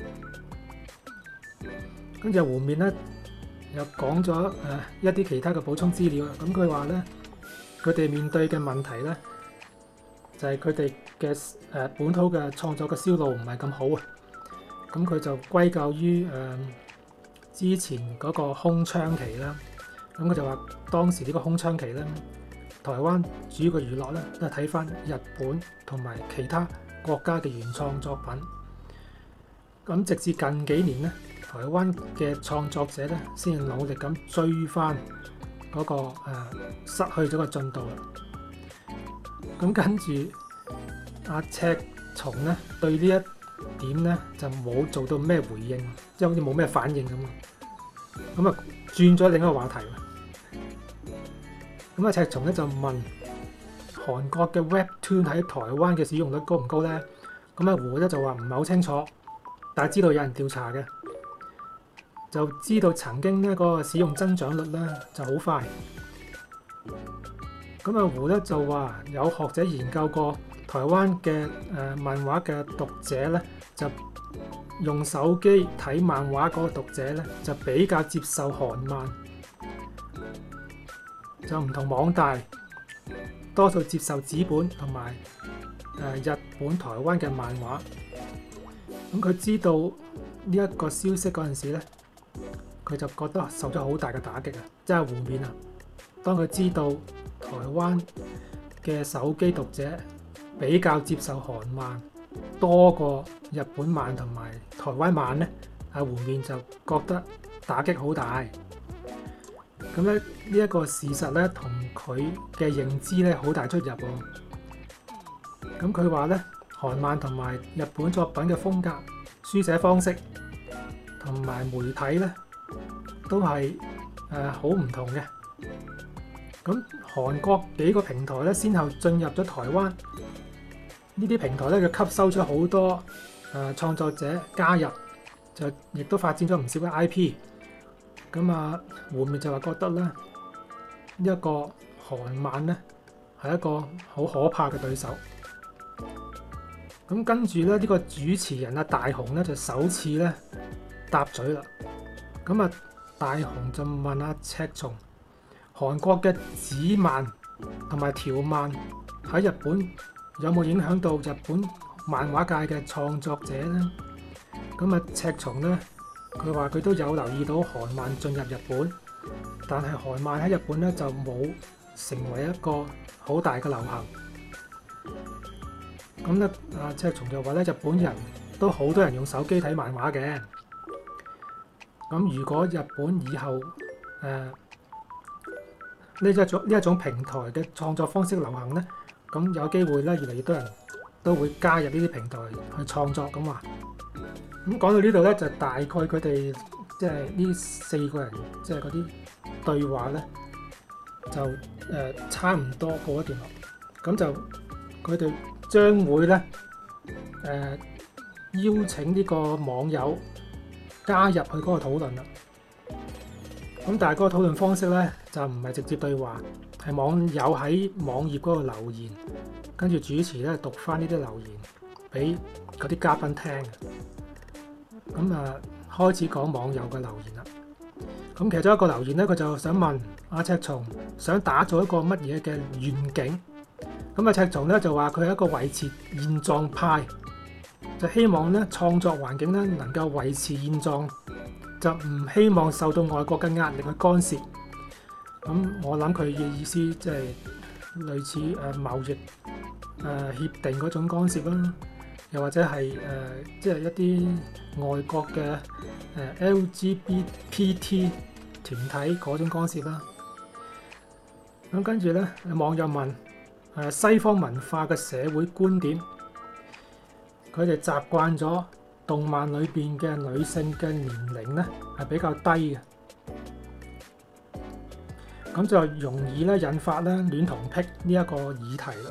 跟住湖面咧又講咗誒一啲其他嘅補充資料啊。咁佢話咧佢哋面對嘅問題咧。就係佢哋嘅誒本土嘅創作嘅銷路唔係咁好啊，咁佢就歸咎於誒、呃、之前嗰個空窗期啦，咁佢就話當時呢個空窗期咧，台灣主要嘅娛樂咧都係睇翻日本同埋其他國家嘅原創作品，咁直至近幾年咧，台灣嘅創作者咧先係努力咁追翻嗰、那個、呃、失去咗嘅進度啦。咁跟住阿赤松咧，對呢一點咧就冇做到咩回應，即係好似冇咩反應咁啊！咁啊轉咗另一個話題。咁阿赤松咧就問韓國嘅 Webtoon 喺台灣嘅使用率高唔高咧？咁阿胡咧就話唔係好清楚，但係知道有人調查嘅，就知道曾經呢個使用增長率咧就好快。咁啊，胡咧就話有學者研究過台灣嘅誒漫畫嘅讀者咧，就用手機睇漫畫嗰個讀者咧，就比較接受韓漫，就唔同網大多數接受紙本同埋誒日本、台灣嘅漫畫。咁佢知道呢一個消息嗰陣時咧，佢就覺得受咗好大嘅打擊啊！真係胡面啊！當佢知道。台灣嘅手機讀者比較接受韓漫多過日本漫同埋台灣漫咧，赤松健就覺得打擊好大。咁咧呢一個事實咧，同佢嘅認知咧好大出入喎。咁佢話咧，韓漫同埋日本作品嘅風格、書寫方式同埋媒體咧，都係誒好唔同嘅。咁韓國幾個平台咧，先後進入咗台灣，呢啲平台咧，就吸收咗好多誒創作者加入，就亦都發展咗唔少嘅 IP。咁啊，胡妙就話覺得咧，這個、韓呢是一個韓漫咧係一個好可怕嘅對手。咁跟住咧，呢、這個主持人啊，大雄咧就首次咧搭嘴啦。咁啊，大雄就問阿赤松。韓國嘅紙漫同埋條漫喺日本有冇影響到日本漫畫界嘅創作者呢？咁啊，赤松呢，佢話佢都有留意到韓漫進入日本，但係韓漫喺日本咧就冇成為一個好大嘅流行。咁咧啊，赤松又話咧，日本人都好多人用手機睇漫畫嘅。咁如果日本以後誒、呃呢一種呢一種平台嘅創作方式流行咧，咁有機會咧，越嚟越多人都會加入呢啲平台去創作咁話。咁講到這裏呢度咧，就大概佢哋即係呢四個人即係嗰啲對話咧，就誒、呃、差唔多過一段落咁就佢哋將會咧誒、呃、邀請呢個網友加入去嗰個討論啦。咁但係嗰個討論方式咧就唔係直接對話，係網友喺網頁嗰個留言，跟住主持咧讀翻呢啲留言俾嗰啲嘉賓聽。咁、嗯、啊，開始講網友嘅留言啦。咁、嗯、其中一個留言咧，佢就想問阿、啊、赤松想打造一個乜嘢嘅願景？咁、嗯、啊，赤松咧就話佢係一個維持現狀派，就希望咧創作環境咧能夠維持現狀。就唔希望受到外國嘅壓力去干涉，咁我諗佢嘅意思即係類似誒貿易誒協定嗰種干涉啦，又或者係誒即係一啲外國嘅誒、呃、LGBTT 團體嗰種干涉啦。咁跟住咧，網友問誒、呃、西方文化嘅社會觀點，佢哋習慣咗。動漫裏邊嘅女性嘅年齡咧係比較低嘅，咁就容易咧引發咧戀童癖呢一個議題啦。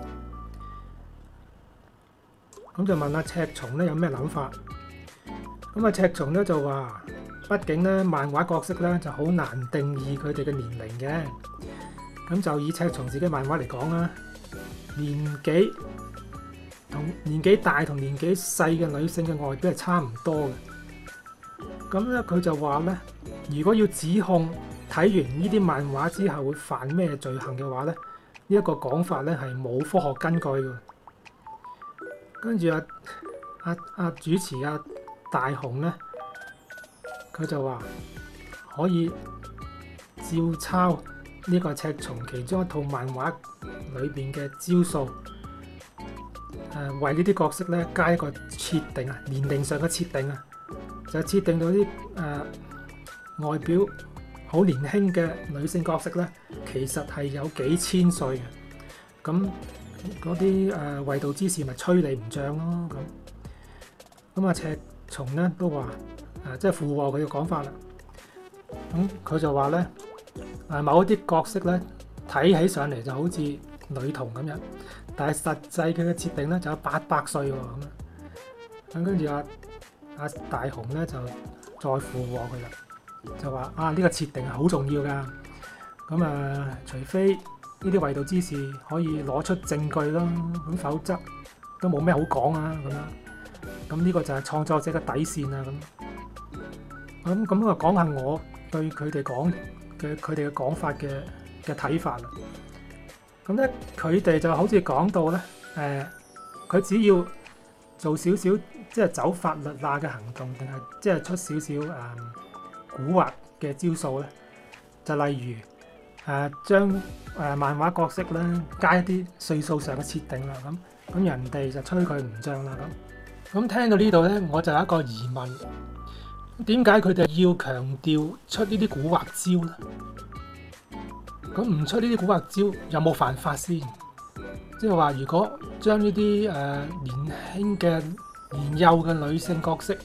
咁就問下赤松咧有咩諗法？咁啊赤松咧就話：畢竟咧漫畫角色咧就好難定義佢哋嘅年齡嘅。咁就以赤松自己漫畫嚟講啦，年紀同年紀大同年紀細嘅女性嘅外表係差唔多嘅，咁咧佢就話咧，如果要指控睇完呢啲漫畫之後會犯咩罪行嘅話咧，呢、這、一個講法咧係冇科學根據嘅、啊。跟住阿阿阿主持阿、啊、大雄咧，佢就話可以照抄呢個赤松其中一套漫畫裏邊嘅招數。誒、啊、為呢啲角色咧加一個設定啊，年齡上嘅設定啊，就設定到啲誒、呃、外表好年輕嘅女性角色咧，其實係有幾千歲嘅。咁嗰啲誒衛道之士咪吹佢唔脹咯。咁咁啊，赤松咧都話誒、啊，即係附和佢嘅講法啦。咁、嗯、佢就話咧，誒、啊、某一啲角色咧，睇起上嚟就好似女童咁樣。但係實際佢嘅設定咧就有八百歲喎。咁啊，咁跟住阿阿大雄咧就再附和佢啦，就話啊，呢個設定係好重要㗎。咁啊，除非呢啲衛道之士可以攞出證據咯，咁否則都冇咩好講啊咁啦。咁呢個就係創作者嘅底線啊咁。咁咁啊，講下我對佢哋講嘅佢哋嘅講法嘅嘅睇法啦。咁咧，佢哋就好似講到咧，誒、呃，佢只要做少少，即係走法律罅嘅行動，定係即係出少少誒古惑嘅招數咧，就例如誒、呃、將誒、呃、漫畫角色咧加一啲歲數上嘅設定啦，咁咁人哋就吹佢唔漲啦，咁咁聽到呢度咧，我就有一個疑問，點解佢哋要強調出呢啲古惑招咧？咁唔出呢啲古惑招有冇犯法先？即係話，如果將呢啲誒年輕嘅年幼嘅女性角色，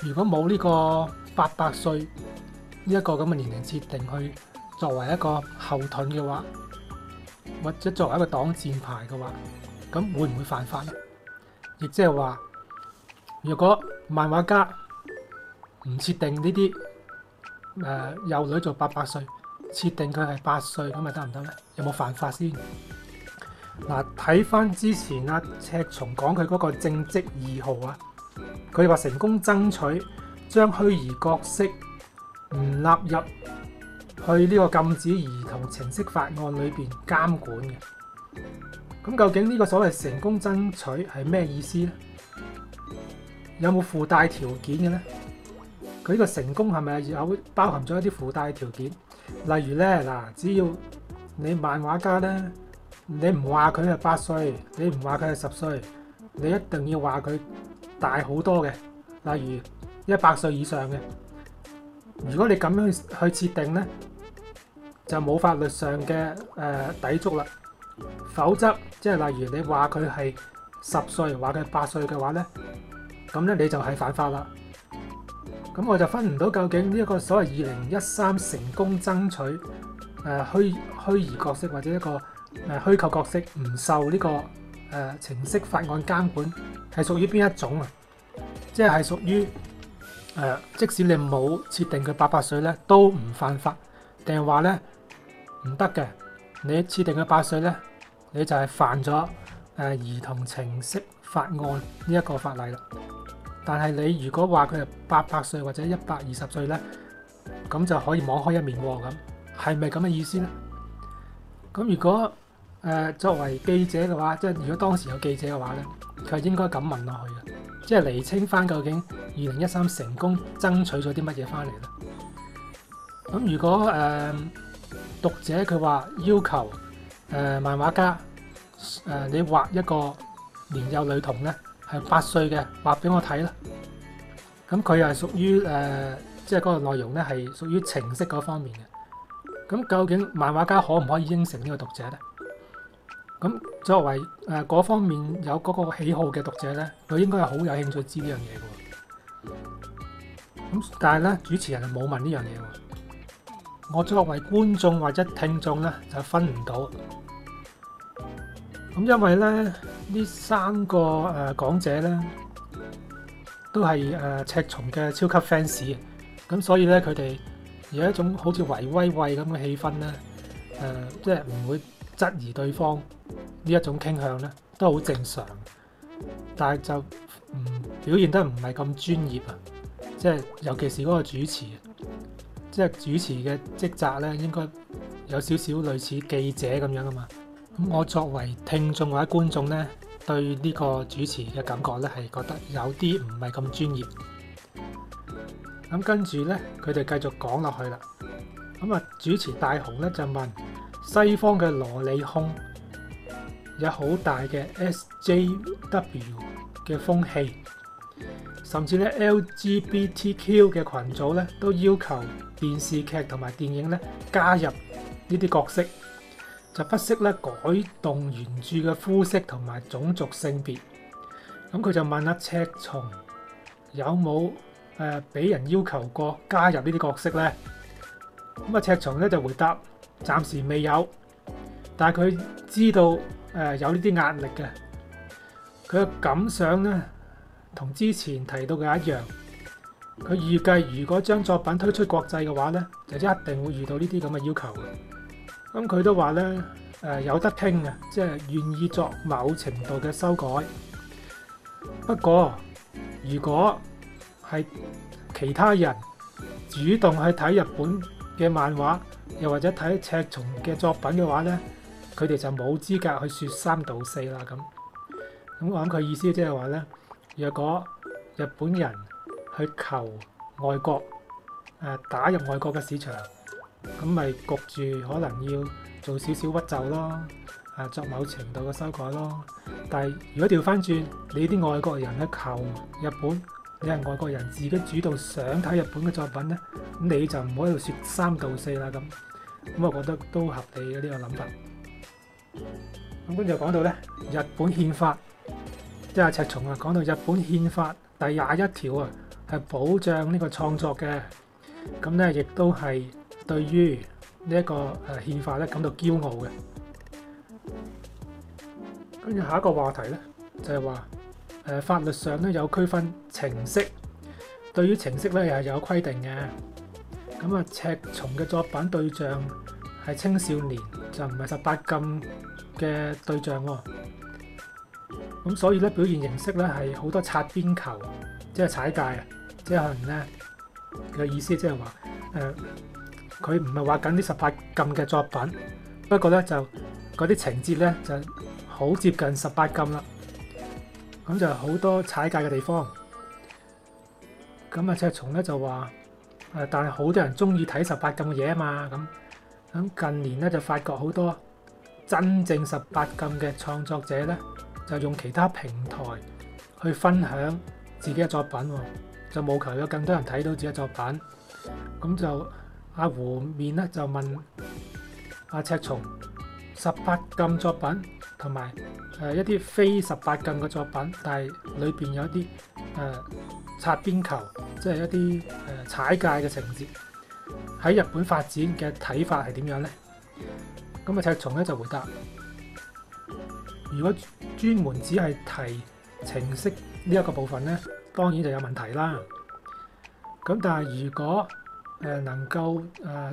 如果冇呢個八百歲呢一個咁嘅年齡設定去作為一個後盾嘅話，或者作為一個擋箭牌嘅話，咁會唔會犯法咧？亦即係話，如果漫畫家唔設定呢啲誒幼女做八百歲？設定佢係八歲咁，咪得唔得？有冇犯法先？嗱，睇翻之前啦，赤松講佢嗰個政績二號啊，佢話成功爭取將虛擬角色唔納入去呢個禁止兒童程式法案裏邊監管嘅。咁究竟呢個所謂成功爭取係咩意思呢？有冇附帶條件嘅呢？佢個成功係咪有包含咗一啲附帶條件？例如咧，嗱，只要你漫畫家咧，你唔話佢係八歲，你唔話佢係十歲，你一定要話佢大好多嘅，例如一百歲以上嘅。如果你咁樣去去設定咧，就冇法律上嘅誒抵觸啦。否則，即係例如你的話佢係十歲，話佢係八歲嘅話咧，咁咧你就係犯法啦。咁我就分唔到究竟呢一個所謂二零一三成功爭取誒虛虛擬角色或者一個誒虛構角色唔受呢、這個誒情色法案監管係屬於邊一種啊？即係屬於誒，即使你冇設定佢八百歲咧，都唔犯法，定係話咧唔得嘅？你設定嘅八歲咧，你就係犯咗誒、呃、兒童情色法案呢一個法例啦。但係你如果話佢係八百歲或者一百二十歲咧，咁就可以網開一面喎。咁係咪咁嘅意思咧？咁如果誒、呃、作為記者嘅話，即係如果當時有記者嘅話咧，佢係應該咁問落去嘅，即係釐清翻究竟二零一三成功爭取咗啲乜嘢翻嚟咧？咁如果誒、呃、讀者佢話要求誒、呃、漫畫家誒、呃、你畫一個年幼女童咧？係八歲嘅，畫俾我睇啦。咁佢又係屬於誒，即係嗰個內容咧，係屬於情色嗰方面嘅。咁究竟漫畫家可唔可以應承呢個讀者咧？咁作為誒嗰、呃、方面有嗰個喜好嘅讀者咧，佢應該係好有興趣知道這件事呢樣嘢嘅。咁但係咧，主持人係冇問呢樣嘢。我作為觀眾或者聽眾咧，就分唔到。咁因為咧，呢三個誒講者咧，都係誒、呃、赤松嘅超級 fans，咁所以咧，佢哋有一種好似圍威喂咁嘅氣氛咧，誒、呃、即係唔會質疑對方呢一種傾向咧，都好正常。但係就唔表現得唔係咁專業啊，即係尤其是嗰個主持，即係主持嘅職責咧，應該有少少類似記者咁樣啊嘛。我作為聽眾或者觀眾咧，對呢個主持嘅感覺咧，係覺得有啲唔係咁專業。咁跟住咧，佢哋繼續講落去啦。咁啊，主持大雄咧就問西方嘅蘿莉控有好大嘅 SJW 嘅風氣，甚至咧 LGBTQ 嘅群組咧都要求電視劇同埋電影咧加入呢啲角色。就不惜咧改動原著嘅膚色同埋種族性別，咁佢就問下赤松有冇誒俾人要求過加入呢啲角色咧？咁啊，赤松咧就回答：暫時未有，但係佢知道誒有呢啲壓力嘅。佢嘅感想咧同之前提到嘅一樣，佢預計如果將作品推出國際嘅話咧，就一定會遇到呢啲咁嘅要求嘅。咁佢都話咧，誒、呃、有得傾嘅，即係願意作某程度嘅修改。不過，如果係其他人主動去睇日本嘅漫畫，又或者睇赤松嘅作品嘅話咧，佢哋就冇資格去説三道四啦。咁咁我諗佢意思即係話咧，若果日本人去求外國誒、呃、打入外國嘅市場。咁咪焗住，可能要做少少屈就咯，啊，作某程度嘅修改咯。但係如果調翻轉，你啲外國人去求日本，你係外國人自己主導想睇日本嘅作品咧，咁你就唔可以喺度說三道四啦。咁咁，我覺得都合理嘅呢個諗法。咁跟住講到咧，日本憲法，即係赤松啊，講到日本憲法第廿一條啊，係保障呢個創作嘅，咁咧亦都係。對於呢一個誒憲法咧，感到驕傲嘅，跟住下一個話題咧就係話誒法律上咧有區分情色，對於情色咧又係有規定嘅。咁啊，赤松嘅作品對象係青少年，就唔係十八禁嘅對象喎。咁所以咧表現形式咧係好多擦邊球，即係踩界啊，即係可能咧嘅意思即係話誒。呃佢唔係話緊啲十八禁嘅作品，不過咧就嗰啲情節咧就好接近十八禁啦。咁就好多踩界嘅地方。咁啊，赤松咧就話誒，但係好多人鍾意睇十八禁嘅嘢啊嘛。咁咁近年咧就發覺好多真正十八禁嘅創作者咧就用其他平台去分享自己嘅作品，就務求有更多人睇到自己嘅作品，咁就。阿胡面咧就問阿赤松十八禁作品同埋誒一啲非十八禁嘅作品，但係裏邊有一啲誒擦邊球，即係一啲誒、呃、踩界嘅情節，喺日本發展嘅睇法係點樣咧？咁啊，赤松咧就回答：如果專門只係提情色呢一個部分咧，當然就有問題啦。咁但係如果誒、呃、能夠誒、呃、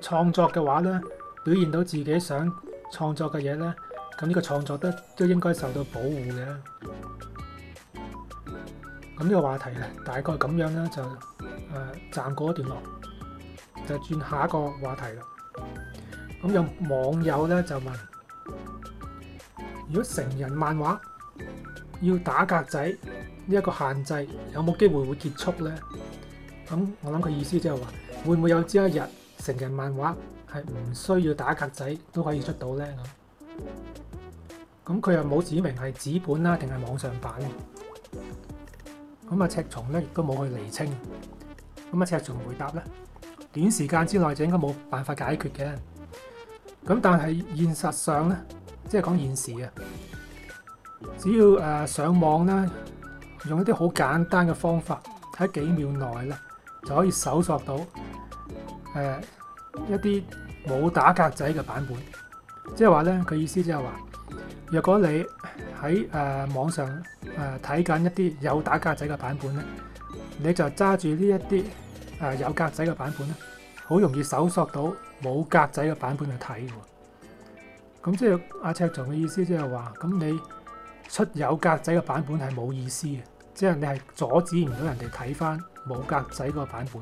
創作嘅話咧，表現到自己想創作嘅嘢咧，咁呢個創作得都應該受到保護嘅。咁呢個話題咧，大概咁樣啦，就誒暫、呃、過一段落，就轉下一個話題啦。咁有網友咧就問：如果成人漫畫要打格仔呢一、這個限制，有冇機會會結束咧？咁、嗯、我諗佢意思即係話，會唔會有朝一日成人漫畫係唔需要打格仔都可以出到咧咁？咁、嗯、佢又冇指明係紙本啦、啊，定係網上版？咁、嗯、啊，赤松咧亦都冇去厘清。咁、嗯、啊，赤松回答咧，短時間之內就應該冇辦法解決嘅。咁、嗯、但係現實上咧，即係講現時啊，只要誒、呃、上網咧，用一啲好簡單嘅方法喺幾秒內咧。就可以搜索到誒、呃、一啲冇打格仔嘅版本，即係話咧，佢意思即係話，若果你喺誒、呃、網上誒睇緊一啲有打格仔嘅版本咧，你就揸住呢一啲誒、呃、有格仔嘅版本咧，好容易搜索到冇格仔嘅版本去睇喎。咁即係阿赤松嘅意思即係話，咁你出有格仔嘅版本係冇意思嘅，即、就、係、是、你係阻止唔到人哋睇翻。冇格仔個版本，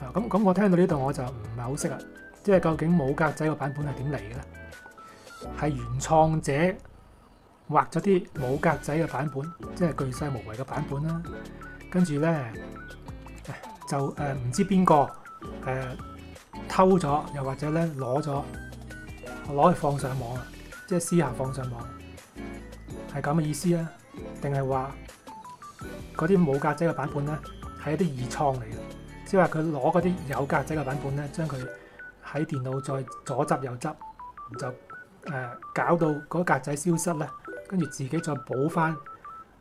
啊咁咁，我聽到呢度我就唔係好識啦，即係究竟冇格仔個版本係點嚟嘅咧？係原創者畫咗啲冇格仔嘅版本，即係巨細無遺嘅版本啦，跟住咧就誒唔知邊個誒偷咗，又或者咧攞咗攞去放上網啊，即係私下放上網，係咁嘅意思啊？定係話嗰啲冇格仔嘅版本咧？係一啲臆創嚟嘅，即係話佢攞嗰啲有格仔嘅版本咧，將佢喺電腦再左執右執，就誒、呃、搞到嗰格仔消失咧，跟住自己再補翻誒、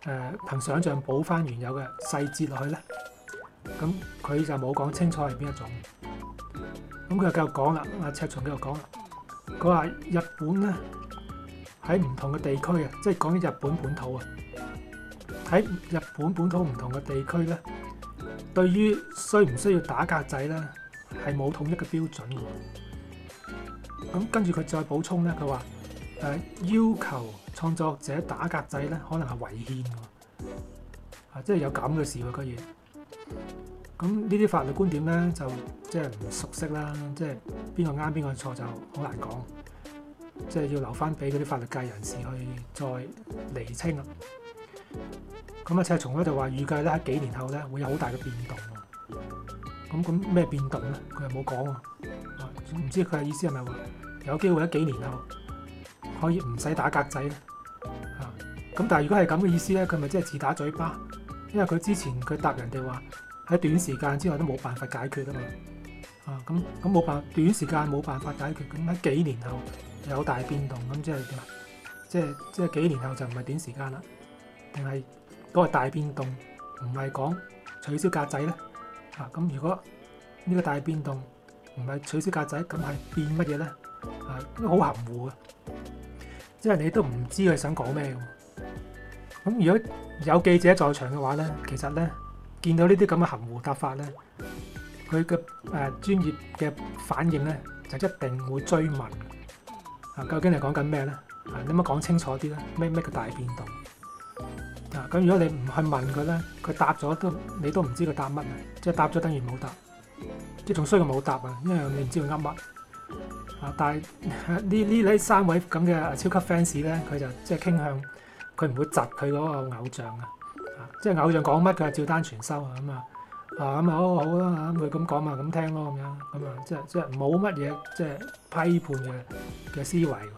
呃、憑想象補翻原有嘅細節落去咧。咁佢就冇講清楚係邊一種。咁佢又繼續講啦，阿赤松繼續講啦，佢話日本咧喺唔同嘅地區啊，即係講緊日本本土啊，喺日本本土唔同嘅地區咧。對於需唔需要打格仔咧，係冇統一嘅標準嘅。咁跟住佢再補充咧，佢話誒要求創作者打格仔咧，可能係違憲，啊，即係有咁嘅事居然。咁呢啲法律觀點咧，就即係唔熟悉啦，即係邊個啱邊個錯就好難講，即係要留翻俾嗰啲法律界人士去再厘清啦。咁啊！赤松咧就話預計咧喺幾年後咧會有好大嘅變動。咁咁咩變動咧？佢又冇講喎。唔、啊、知佢嘅意思係咪話有機會喺幾年後可以唔使打格仔咧？嚇、啊、咁，但係如果係咁嘅意思咧，佢咪即係自打嘴巴？因為佢之前佢答人哋話喺短時間之外都冇辦法解決啊嘛。啊咁咁冇辦法短時間冇辦法解決，咁喺幾年後有大變動咁，即係點？即係即係幾年後就唔係、即係即係、短時間啦，定係？都係大變動，唔係講取消格仔咧。啊，咁如果呢個大變動唔係取消格仔，咁係變乜嘢咧？啊，好含糊嘅，即係你都唔知佢想講咩。咁、啊、如果有記者在場嘅話咧，其實咧見到呢啲咁嘅含糊答法咧，佢嘅誒專業嘅反應咧就一定會追問啊，究竟係講緊咩咧？啊，你有冇講清楚啲咧？咩咩個大變動？咁、啊、如果你唔去問佢咧，佢答咗都你都唔知佢答乜啊！即係答咗等如冇答，即係仲衰過冇答啊！因為你唔知佢噏乜啊！但係呢呢呢三位咁嘅超級 fans 咧，佢就即係傾向佢唔會窒佢嗰個偶像啊！即係偶像講乜佢就照單全收啊咁啊啊咁啊好好啦嚇，佢咁講嘛咁聽咯咁樣咁啊，啊即係即係冇乜嘢即係批判嘅嘅思維啊！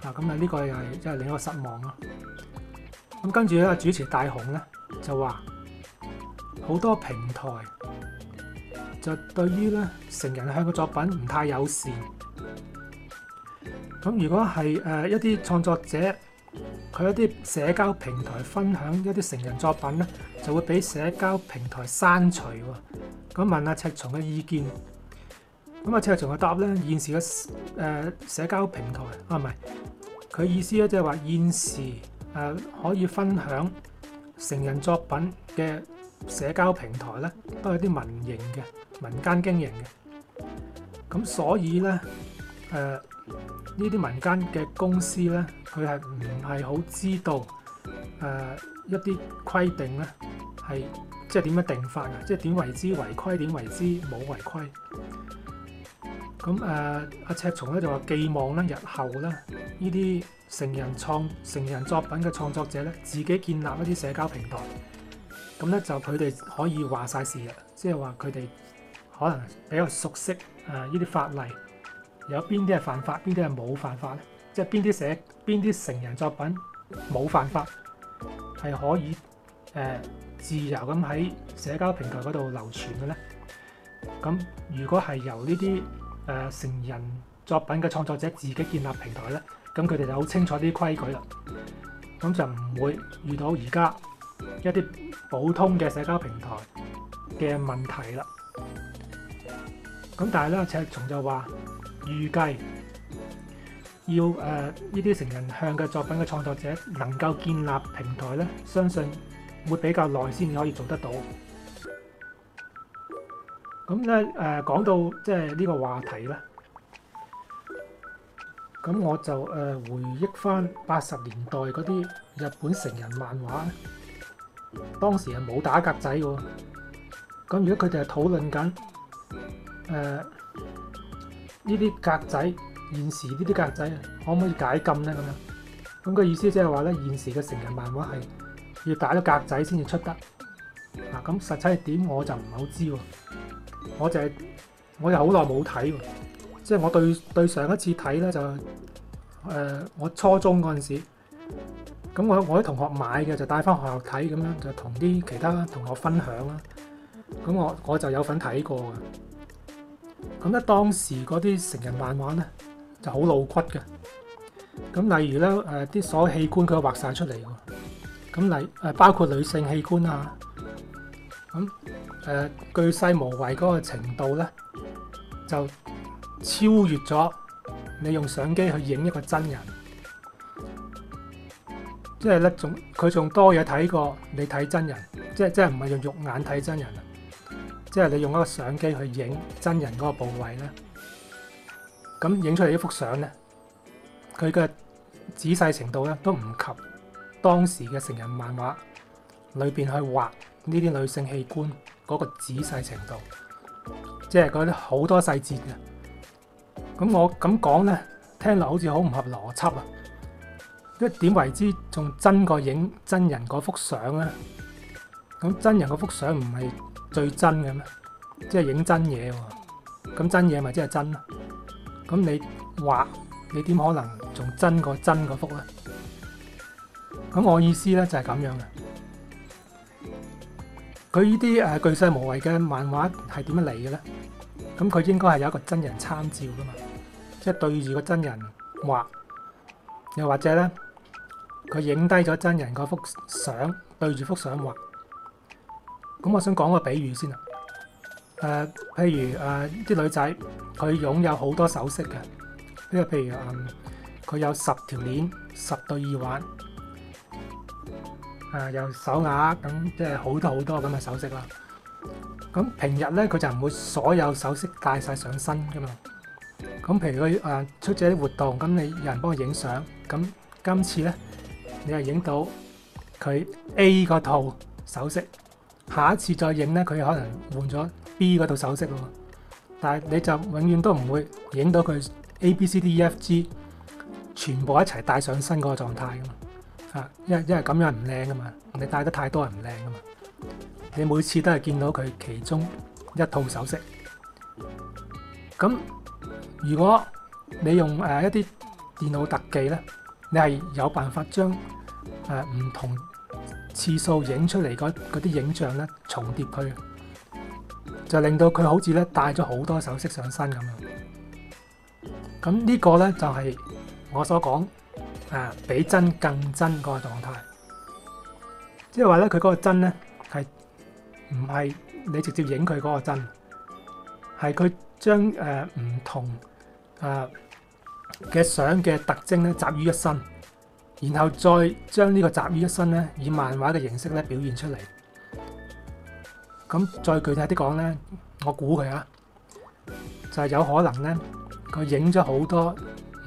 咁啊呢、啊這個又係即係另一個失望咯～咁跟住咧，主持大雄咧就話好多平台就對於咧成人向嘅作品唔太友善。咁如果係誒一啲創作者佢一啲社交平台分享一啲成人作品咧，就會俾社交平台刪除。咁問阿赤松嘅意見。咁阿赤松嘅答咧，現時嘅誒社交平台啊，唔係，佢意思咧，即係話現時。誒、呃、可以分享成人作品嘅社交平台咧，都係啲民營嘅民間經營嘅，咁所以咧誒呢啲、呃、民間嘅公司咧，佢係唔係好知道誒、呃、一啲規定咧係即係點樣定法啊？即係點為之違規，點為之冇違規？咁誒，阿、呃、赤松咧就話寄望咧，日後咧呢啲成人創成人作品嘅創作者咧，自己建立一啲社交平台，咁咧就佢哋可以話晒事嘞，即係話佢哋可能比較熟悉誒呢啲法例，有邊啲係犯法，邊啲係冇犯法咧？即係邊啲寫邊啲成人作品冇犯法，係可以誒、呃、自由咁喺社交平台嗰度流傳嘅咧。咁如果係由呢啲，誒、呃、成人作品嘅創作者自己建立平台咧，咁佢哋就好清楚啲規矩啦，咁就唔會遇到而家一啲普通嘅社交平台嘅問題啦。咁但係咧，赤松就話預計要誒呢啲成人向嘅作品嘅創作者能夠建立平台咧，相信會比較耐先可以做得到。咁咧，誒講到即係呢個話題咧，咁我就誒回憶翻八十年代嗰啲日本成人漫畫，當時係冇打格仔喎。咁如果佢哋係討論緊誒呢啲格仔，現時呢啲格仔可唔可以解禁咧？咁樣咁嘅意思即係話咧，現時嘅成人漫畫係要打咗格仔先至出得嗱。咁實際係點我就唔係好知喎。我就係我又好耐冇睇，即係我對對上一次睇咧就誒、呃，我初中嗰陣時，咁我我啲同學買嘅就帶翻學校睇，咁樣就同啲其他同學分享啦。咁我我就有份睇過嘅。咁咧當時嗰啲成人漫畫咧就好露骨嘅。咁例如咧誒啲所有器官佢都畫晒出嚟，咁女誒包括女性器官啊，咁。誒、呃、巨細無遺嗰個程度咧，就超越咗你用相機去影一個真人，即係咧仲佢仲多嘢睇過你睇真人，即係即係唔係用肉眼睇真人，即係你用一個相機去影真人嗰個部位咧，咁影出嚟一幅相咧，佢嘅仔細程度咧都唔及當時嘅成人漫畫裏邊去畫呢啲女性器官。嗰、那個仔細程度，即係嗰啲好多細節嘅。咁我咁講咧，聽落好似好唔合邏輯啊！一點為之仲真過影真人嗰幅相咧？咁真人嗰幅相唔係最真嘅咩？即係影真嘢喎、啊。咁真嘢咪即係真咯、啊？咁你畫你點可能仲真過真嗰幅咧？咁我意思咧就係、是、咁樣嘅。佢呢啲誒巨細無遺嘅漫畫係點樣嚟嘅咧？咁、嗯、佢應該係有一個真人參照噶嘛，即係對住個真人畫，又或者咧，佢影低咗真人嗰幅相，對住幅相畫。咁、嗯、我想講個比喻先啦。誒、呃，譬如誒啲、呃、女仔，佢擁有好多首飾嘅，即係譬如誒，佢、嗯、有十條鏈，十對耳環。誒又手鐲，咁即係好多好多咁嘅手飾啦。咁平日咧，佢就唔會所有手飾戴曬上身噶嘛。咁譬如佢誒出席啲活動，咁你有人幫佢影相，咁今次咧你係影到佢 A 嗰套手飾，下一次再影咧，佢可能換咗 B 嗰套手飾喎。但係你就永遠都唔會影到佢 A、B、C、D、E、F、G 全部一齊戴上身嗰個狀態㗎嘛。啊，因為因為咁樣唔靚噶嘛，你戴得太多係唔靚噶嘛。你每次都係見到佢其中一套首飾。咁如果你用誒一啲電腦特技咧，你係有辦法將誒唔同次數影出嚟嗰啲影像咧，重疊佢，就令到佢好似咧戴咗好多首飾上身咁樣。咁呢個咧就係我所講。啊，比真更真嗰個狀態，即係話咧，佢嗰個真咧係唔係你直接影佢嗰個真，係佢將誒唔同誒嘅相嘅特徵咧集於一身，然後再將呢個集於一身咧以漫畫嘅形式咧表現出嚟。咁再具體啲講咧，我估佢啊，就係有可能咧，佢影咗好多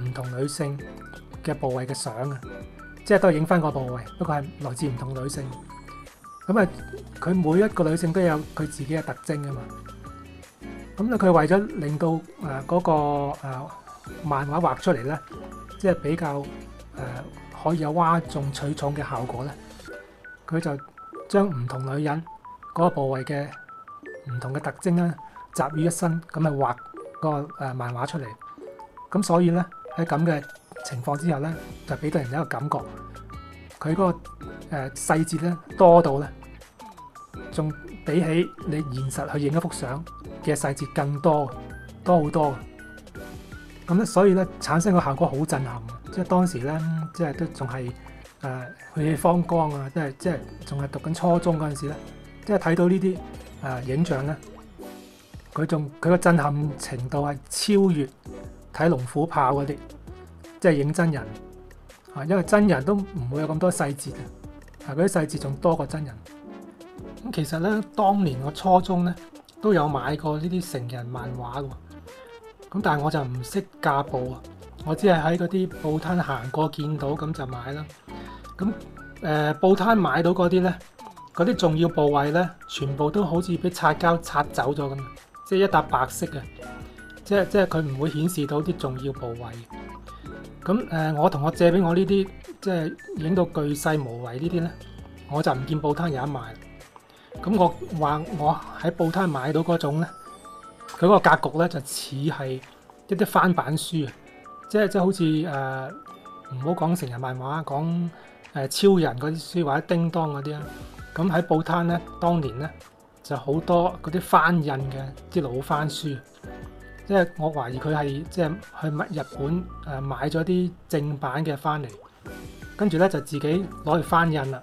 唔同女性嘅部位嘅相啊，即係都係影翻個部位，不過係來自唔同女性咁啊。佢每一個女性都有佢自己嘅特徵啊嘛。咁咧，佢為咗令到誒嗰、呃嗰個、呃、漫畫畫出嚟咧，即係比較誒、呃、可以有嘩眾取寵嘅效果咧，佢就將唔同女人嗰個部位嘅唔同嘅特徵咧集於一身，咁去畫、個誒、呃、漫畫出嚟。咁所以咧係咁嘅。在這樣的情況之下咧，就俾到人一個感覺，佢嗰個誒細節咧多到咧，仲比起你現實去影一幅相嘅細節更多，多好多。咁咧，所以咧產生個效果好震撼。即係當時咧，即係都仲係誒去放光啊，即係即係仲係讀緊初中嗰陣時咧，即係睇到呢啲誒影像咧，佢仲佢個震撼程度係超越睇龍虎豹嗰啲。即係影真人啊，因為真人都唔會有咁多細節啊，啲細節仲多過真人。咁其實咧，當年我初中咧都有買過呢啲成人漫畫噶，咁但係我就唔識架步啊，我只係喺嗰啲報攤行過見到咁就買啦。咁誒，報攤買到嗰啲咧，嗰啲重要部位咧，全部都好似俾擦膠擦走咗咁，即係一笪白色嘅，即係即係佢唔會顯示到啲重要部位。咁誒、呃，我同學借俾我呢啲，即係影到巨細無遺這些呢啲咧，我就唔見報攤有得賣。咁我話我喺報攤買到嗰種咧，佢嗰個格局咧就似係一啲翻版書，即係即係好似誒唔好講成人漫畫，講誒、呃、超人嗰啲書或者叮當嗰啲啦。咁喺報攤咧，當年咧就好多嗰啲翻印嘅啲老翻書。即係我懷疑佢係即係去日本誒買咗啲正版嘅翻嚟，跟住咧就自己攞去翻印啦。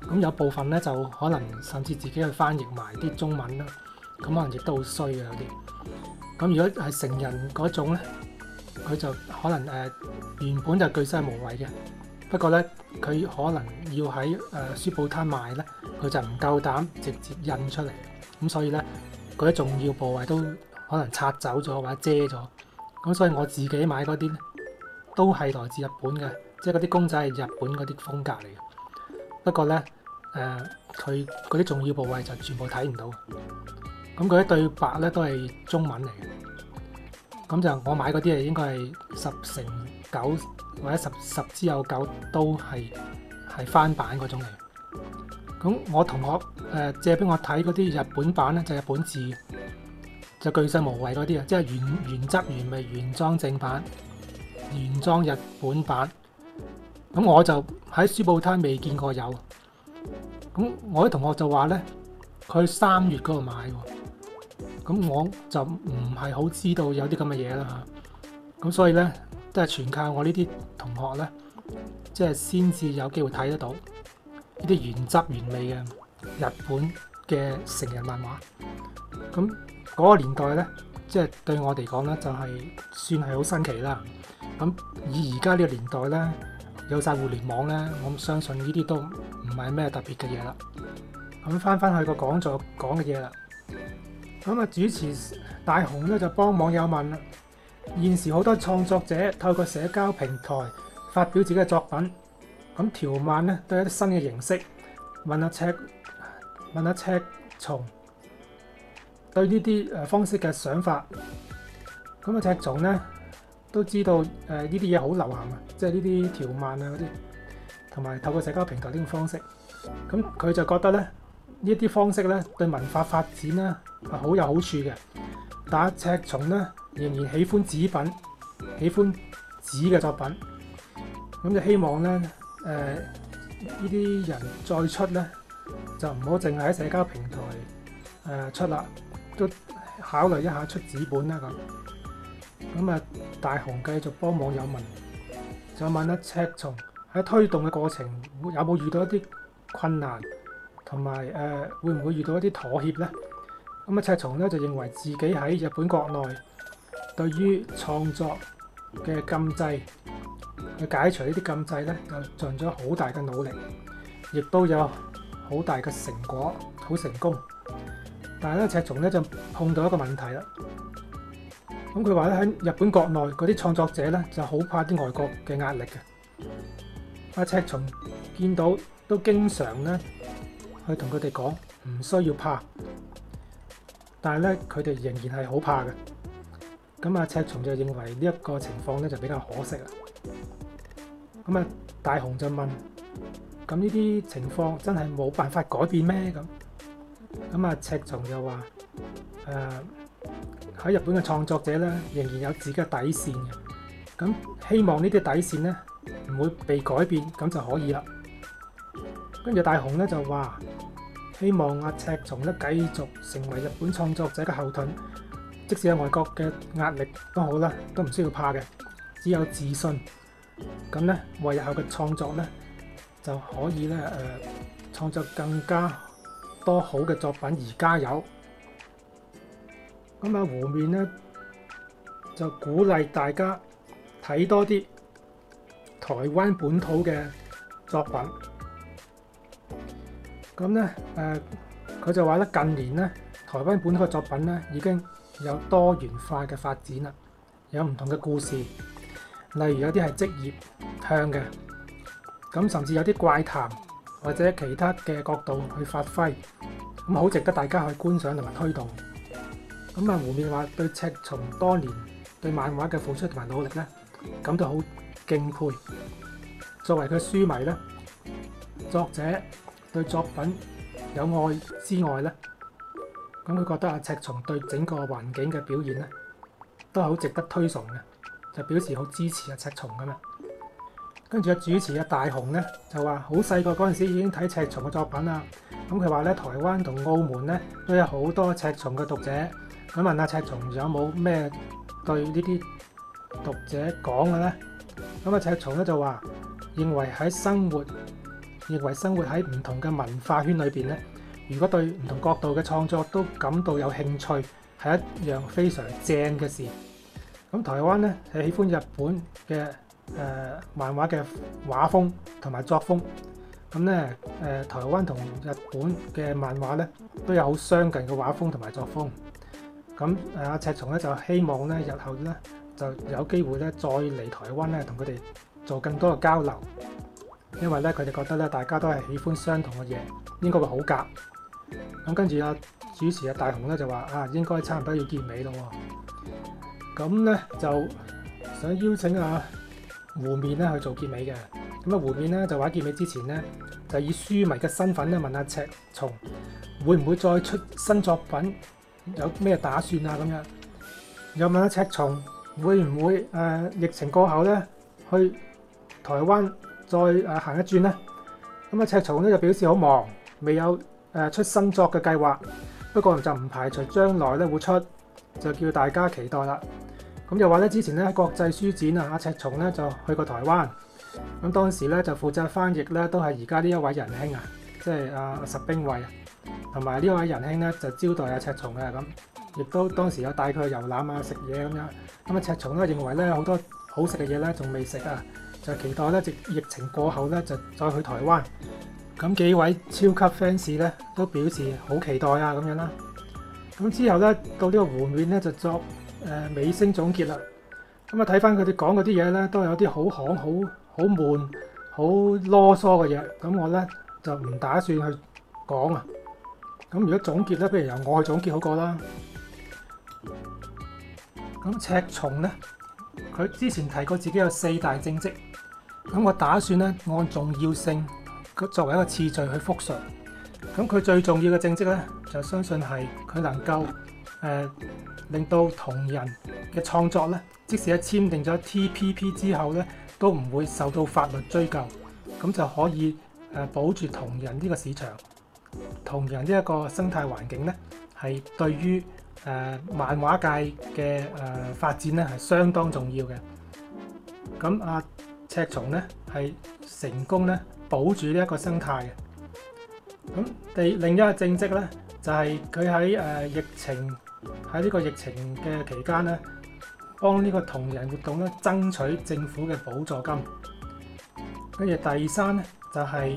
咁有部分咧就可能甚至自己去翻譯埋啲中文啦。咁可能亦都好衰嘅有啲。咁如果係成人嗰種咧，佢就可能誒原本就巨細無遺嘅。不過咧，佢可能要喺誒書報攤賣咧，佢就唔夠膽直接印出嚟。咁所以咧，佢啲重要部位都～可能拆走咗或者遮咗，咁所以我自己買嗰啲咧都係來自日本嘅，即係嗰啲公仔係日本嗰啲風格嚟。不過咧，誒佢嗰啲重要部位就全部睇唔到。咁佢啲對白咧都係中文嚟。咁就我買嗰啲係應該係十成九或者十十之有九都係係翻版嗰種嚟。咁我同學誒、呃、借俾我睇嗰啲日本版咧就係、日本字。就巨細無遺嗰啲啊，即係原原汁原味原裝正版原裝日本版。咁我就喺書報攤未見過有。咁我啲同學就話咧，佢三月嗰度買喎。咁我就唔係好知道有啲咁嘅嘢啦嚇。咁所以咧都係全靠我呢啲同學咧，即係先至有機會睇得到呢啲原汁原味嘅日本嘅成人漫畫咁。嗰、那個年代咧，即係對我嚟講咧，就係算係好新奇啦。咁以而家呢個年代咧，有晒互聯網咧，我相信呢啲都唔係咩特別嘅嘢啦。咁翻翻去個講座講嘅嘢啦。咁啊主持大雄咧就幫網友問啦。現時好多創作者透過社交平台發表自己嘅作品，咁條漫咧都有一啲新嘅形式。問阿赤，問阿赤松。對呢啲誒方式嘅想法，咁阿赤松咧都知道誒呢啲嘢好流行是這些啊，即係呢啲條漫啊嗰啲，同埋透過社交平台呢種方式，咁佢就覺得咧呢啲方式咧對文化發展咧係好有好處嘅。但赤松咧仍然喜歡紙品，喜歡紙嘅作品，咁就希望咧誒呢啲、呃、人再出咧就唔好淨係喺社交平台誒、呃、出啦。都考慮一下出紙本啦咁。咁啊，大雄繼續幫網友問，就問阿赤松喺推動嘅過程有冇遇到一啲困難，同埋誒會唔會遇到一啲妥協咧？咁啊，赤松咧就認為自己喺日本國內對於創作嘅禁制去解除呢啲禁制咧，就盡咗好大嘅努力，亦都有好大嘅成果，好成功。但係咧，赤松咧就碰到一個問題啦。咁佢話咧喺日本國內嗰啲創作者咧就好怕啲外國嘅壓力嘅。阿赤松見到都經常咧去同佢哋講唔需要怕，但係咧佢哋仍然係好怕嘅。咁阿赤松就認為呢一個情況咧就比較可惜啦。咁啊，大雄就問：咁呢啲情況真係冇辦法改變咩？咁咁啊，赤松又話：誒、呃，喺日本嘅創作者咧，仍然有自己嘅底線嘅。咁希望呢啲底線咧唔會被改變，咁就可以啦。跟住大雄咧就話：希望阿赤松咧繼續成為日本創作者嘅後盾，即使喺外國嘅壓力都好啦，都唔需要怕嘅，只有自信。咁咧為日後嘅創作咧就可以咧誒、呃，創作更加。多好嘅作品而家有。咁啊湖面咧就鼓勵大家睇多啲台灣本土嘅作品。咁咧誒，佢、呃、就話咧近年咧，台灣本土嘅作品咧已經有多元化嘅發展啦，有唔同嘅故事，例如有啲係職業向嘅，咁甚至有啲怪談。或者其他嘅角度去發揮，咁好值得大家去觀賞同埋推動。咁啊，胡面話對赤松多年對漫畫嘅付出同埋努力咧，感到好敬佩。作為佢書迷咧，作者對作品有愛之外咧，咁佢覺得阿赤松對整個環境嘅表現咧，都係好值得推崇嘅，就表示好支持阿赤松㗎嘛。跟住主持嘅大雄咧，就話好細個嗰陣時已經睇赤松嘅作品啦。咁佢話咧，台灣同澳門咧都有好多赤松嘅讀者。咁問阿赤松有冇咩對呢啲讀者講嘅咧？咁阿赤松咧就話認為喺生活，認為生活喺唔同嘅文化圈裏邊咧，如果對唔同角度嘅創作都感到有興趣，係一樣非常正嘅事。咁台灣咧係喜歡日本嘅。誒、呃、漫畫嘅畫風同埋作風咁咧，誒台灣同日本嘅漫畫咧都有好相近嘅畫風同埋作風。咁阿、呃呃、赤松咧就希望咧日後咧就有機會咧再嚟台灣咧同佢哋做更多嘅交流，因為咧佢哋覺得咧大家都係喜歡相同嘅嘢，應該會好夾。咁跟住阿主持阿大雄咧就話啊，應該差唔多要見尾咯。咁咧就想邀請阿、啊。湖面咧去做結尾嘅，咁啊湖面咧就話結尾之前咧，就以書迷嘅身份咧問阿赤松會唔會再出新作品，有咩打算啊咁樣，又問阿赤松會唔會誒、呃、疫情過後咧去台灣再誒、呃、行一轉咧，咁、嗯、啊赤松咧就表示好忙，未有誒、呃、出新作嘅計劃，不過就唔排除將來咧會出，就叫大家期待啦。咁又話咧，之前咧國際書展啊，阿赤松咧就去過台灣。咁當時咧就負責翻譯咧，都係而家呢一位仁兄、就是、啊，即係阿十兵衛，同埋呢位仁兄咧就招待阿赤松啊咁。亦都當時有帶佢去遊覽啊、食嘢咁樣。咁啊，赤松咧認為咧好多好食嘅嘢咧仲未食啊，就期待咧疫疫情過後咧就再去台灣。咁幾位超級 fans 咧都表示好期待啊咁樣啦。咁之後咧到呢個湖面咧就作。誒尾聲總結啦，咁啊睇翻佢哋講嗰啲嘢咧，都有啲好行、好好悶、好囉嗦嘅嘢，咁我咧就唔打算去講啊。咁如果總結咧，不如由我去總結好過啦。咁赤松咧，佢之前提過自己有四大政績，咁我打算咧按重要性作為一個次序去覆述。咁佢最重要嘅政績咧，就相信係佢能夠，誒令到同人嘅創作咧，即使喺簽訂咗 TPP 之後咧，都唔會受到法律追究，咁就可以誒保住同人呢個市場，同人呢一個生態環境咧，係對於誒漫畫界嘅誒發展咧係相當重要嘅。咁阿赤松咧係成功咧保住呢一個生態嘅。咁第另一個政績咧，就係佢喺誒疫情。喺呢個疫情嘅期間咧，幫呢個同人活動咧爭取政府嘅補助金。跟住第三咧就係、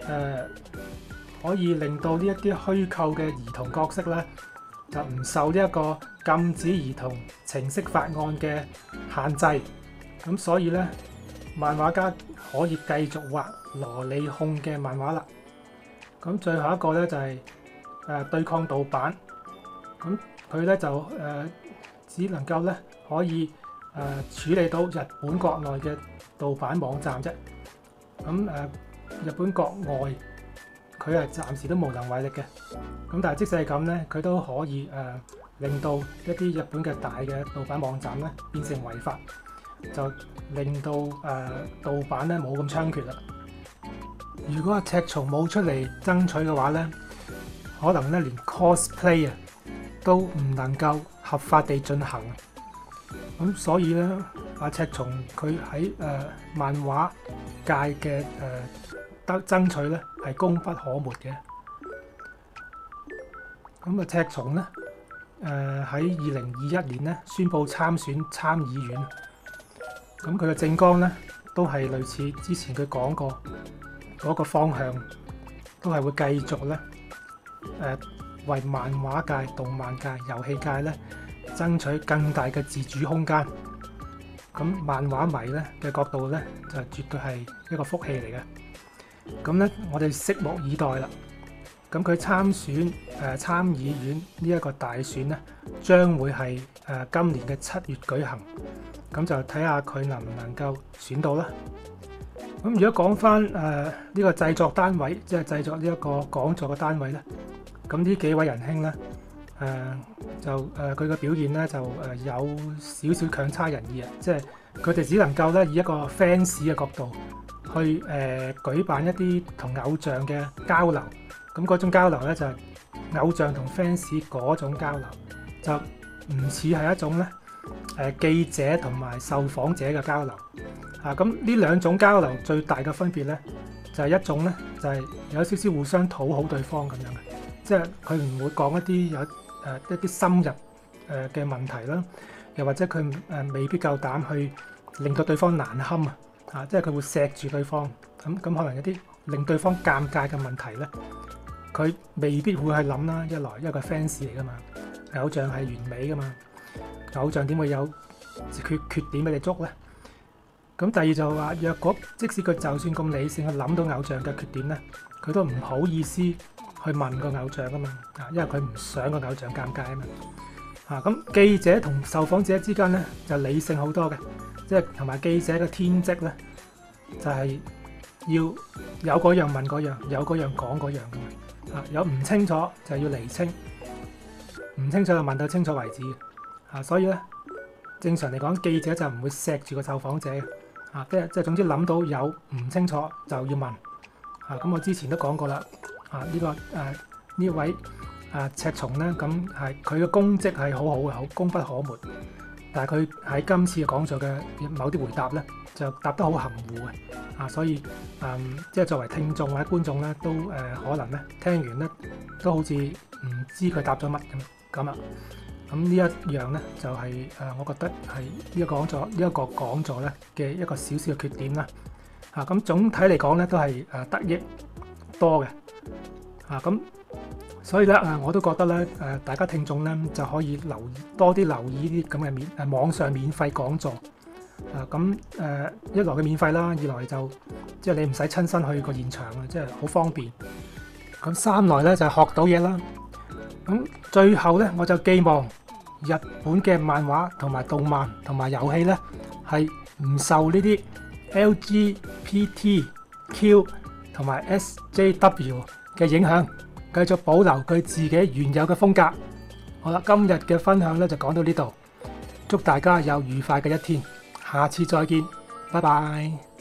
是、誒、呃、可以令到呢一啲虛構嘅兒童角色咧就唔受呢一個禁止兒童程式法案嘅限制。咁所以咧漫畫家可以繼續畫蘿莉控嘅漫畫啦。咁最後一個咧就係、是、誒、呃、對抗盜版。咁佢咧就誒、呃、只能夠咧可以誒、呃、處理到日本國內嘅盜版網站啫。咁、呃、誒日本國外佢係暫時都無能為力嘅。咁但係即使係咁咧，佢都可以誒、呃、令到一啲日本嘅大嘅盜版網站咧變成違法，就令到誒盜版咧冇咁猖獗啦。呃、沒如果赤松冇出嚟爭取嘅話咧，可能咧連 cosplay 啊～都唔能夠合法地進行，咁所以咧，阿赤松佢喺誒漫畫界嘅誒得爭取咧係功不可沒嘅。咁啊，赤松咧誒喺二零二一年咧宣布參選參議院，咁佢嘅政綱咧都係類似之前佢講過嗰一個方向，都係會繼續咧誒。為漫畫界、動漫界、遊戲界咧爭取更大嘅自主空間，咁漫畫迷咧嘅角度咧就絕對係一個福氣嚟嘅。咁咧，我哋拭目以待啦。咁佢參選誒參議院呢一個大選咧，將會係誒、呃、今年嘅七月舉行。咁就睇下佢能唔能夠選到啦。咁如果講返誒呢個製作單位，即係製作呢一個講座嘅單位咧。咁呢幾位仁兄咧，誒、呃、就佢嘅、呃、表現咧就、呃、有少少強差人意啊，即係佢哋只能夠咧以一個 fans 嘅角度去誒、呃、舉辦一啲同偶像嘅交流，咁嗰種交流咧就係、是、偶像同 fans 嗰種交流，就唔似係一種咧誒、呃、記者同埋受訪者嘅交流啊。咁呢兩種交流最大嘅分別咧就係、是、一種咧就係、是、有少少互相討好對方咁樣嘅。即係佢唔會講一啲有誒、呃、一啲深入誒嘅問題啦，又或者佢誒未必夠膽去令到對方難堪啊！嚇，即係佢會錫住對方，咁咁可能有啲令對方尷尬嘅問題咧，佢未必會去諗啦。一來因為佢 fans 嚟噶嘛，偶像係完美噶嘛，偶像點會有缺缺點俾你捉咧？咁第二就係、是、話，若果即使佢就算咁理性去諗到偶像嘅缺點咧，佢都唔好意思。去問個偶像啊嘛，嘛，啊，因為佢唔想個偶像尷尬啊嘛，啊，咁記者同受訪者之間咧就理性好多嘅，即係同埋記者嘅天職咧就係、是、要有嗰樣問嗰樣，有嗰樣講嗰樣嘛，啊，有唔清楚就要釐清，唔清楚就問到清楚為止啊，所以咧正常嚟講，記者就唔會錫住個受訪者啊，即係即係總之諗到有唔清楚就要問，啊，咁我之前都講過啦。啊、這個、呢個誒呢位啊、呃、赤松咧，咁係佢嘅功績係好好嘅，好功不可沒。但係佢喺今次講座嘅某啲回答咧，就答得好含糊嘅。啊，所以誒、嗯，即係作為聽眾或者觀眾咧，都誒、呃、可能咧聽完咧都好似唔知佢答咗乜咁咁啊。咁、嗯、呢一樣咧就係、是、誒、呃，我覺得係呢個講座呢一個、這個講座咧嘅一個小小嘅缺點啦。啊，咁、嗯、總體嚟講咧都係誒得益多嘅，啊咁，所以咧啊、呃，我都覺得咧，誒、呃、大家聽眾咧就可以留多啲留意呢啲咁嘅免誒網上免費講座，啊咁誒、呃、一來嘅免費啦，二來就即係你唔使親身去個現場啊，即係好方便。咁、啊、三來咧就係學到嘢啦。咁、嗯、最後咧我就寄望日本嘅漫畫同埋動漫同埋遊戲咧係唔受呢啲 LGBTQ 同埋 SJW 嘅影響，繼續保留佢自己原有嘅風格。好啦，今日嘅分享咧就講到呢度，祝大家有愉快嘅一天，下次再見，拜拜。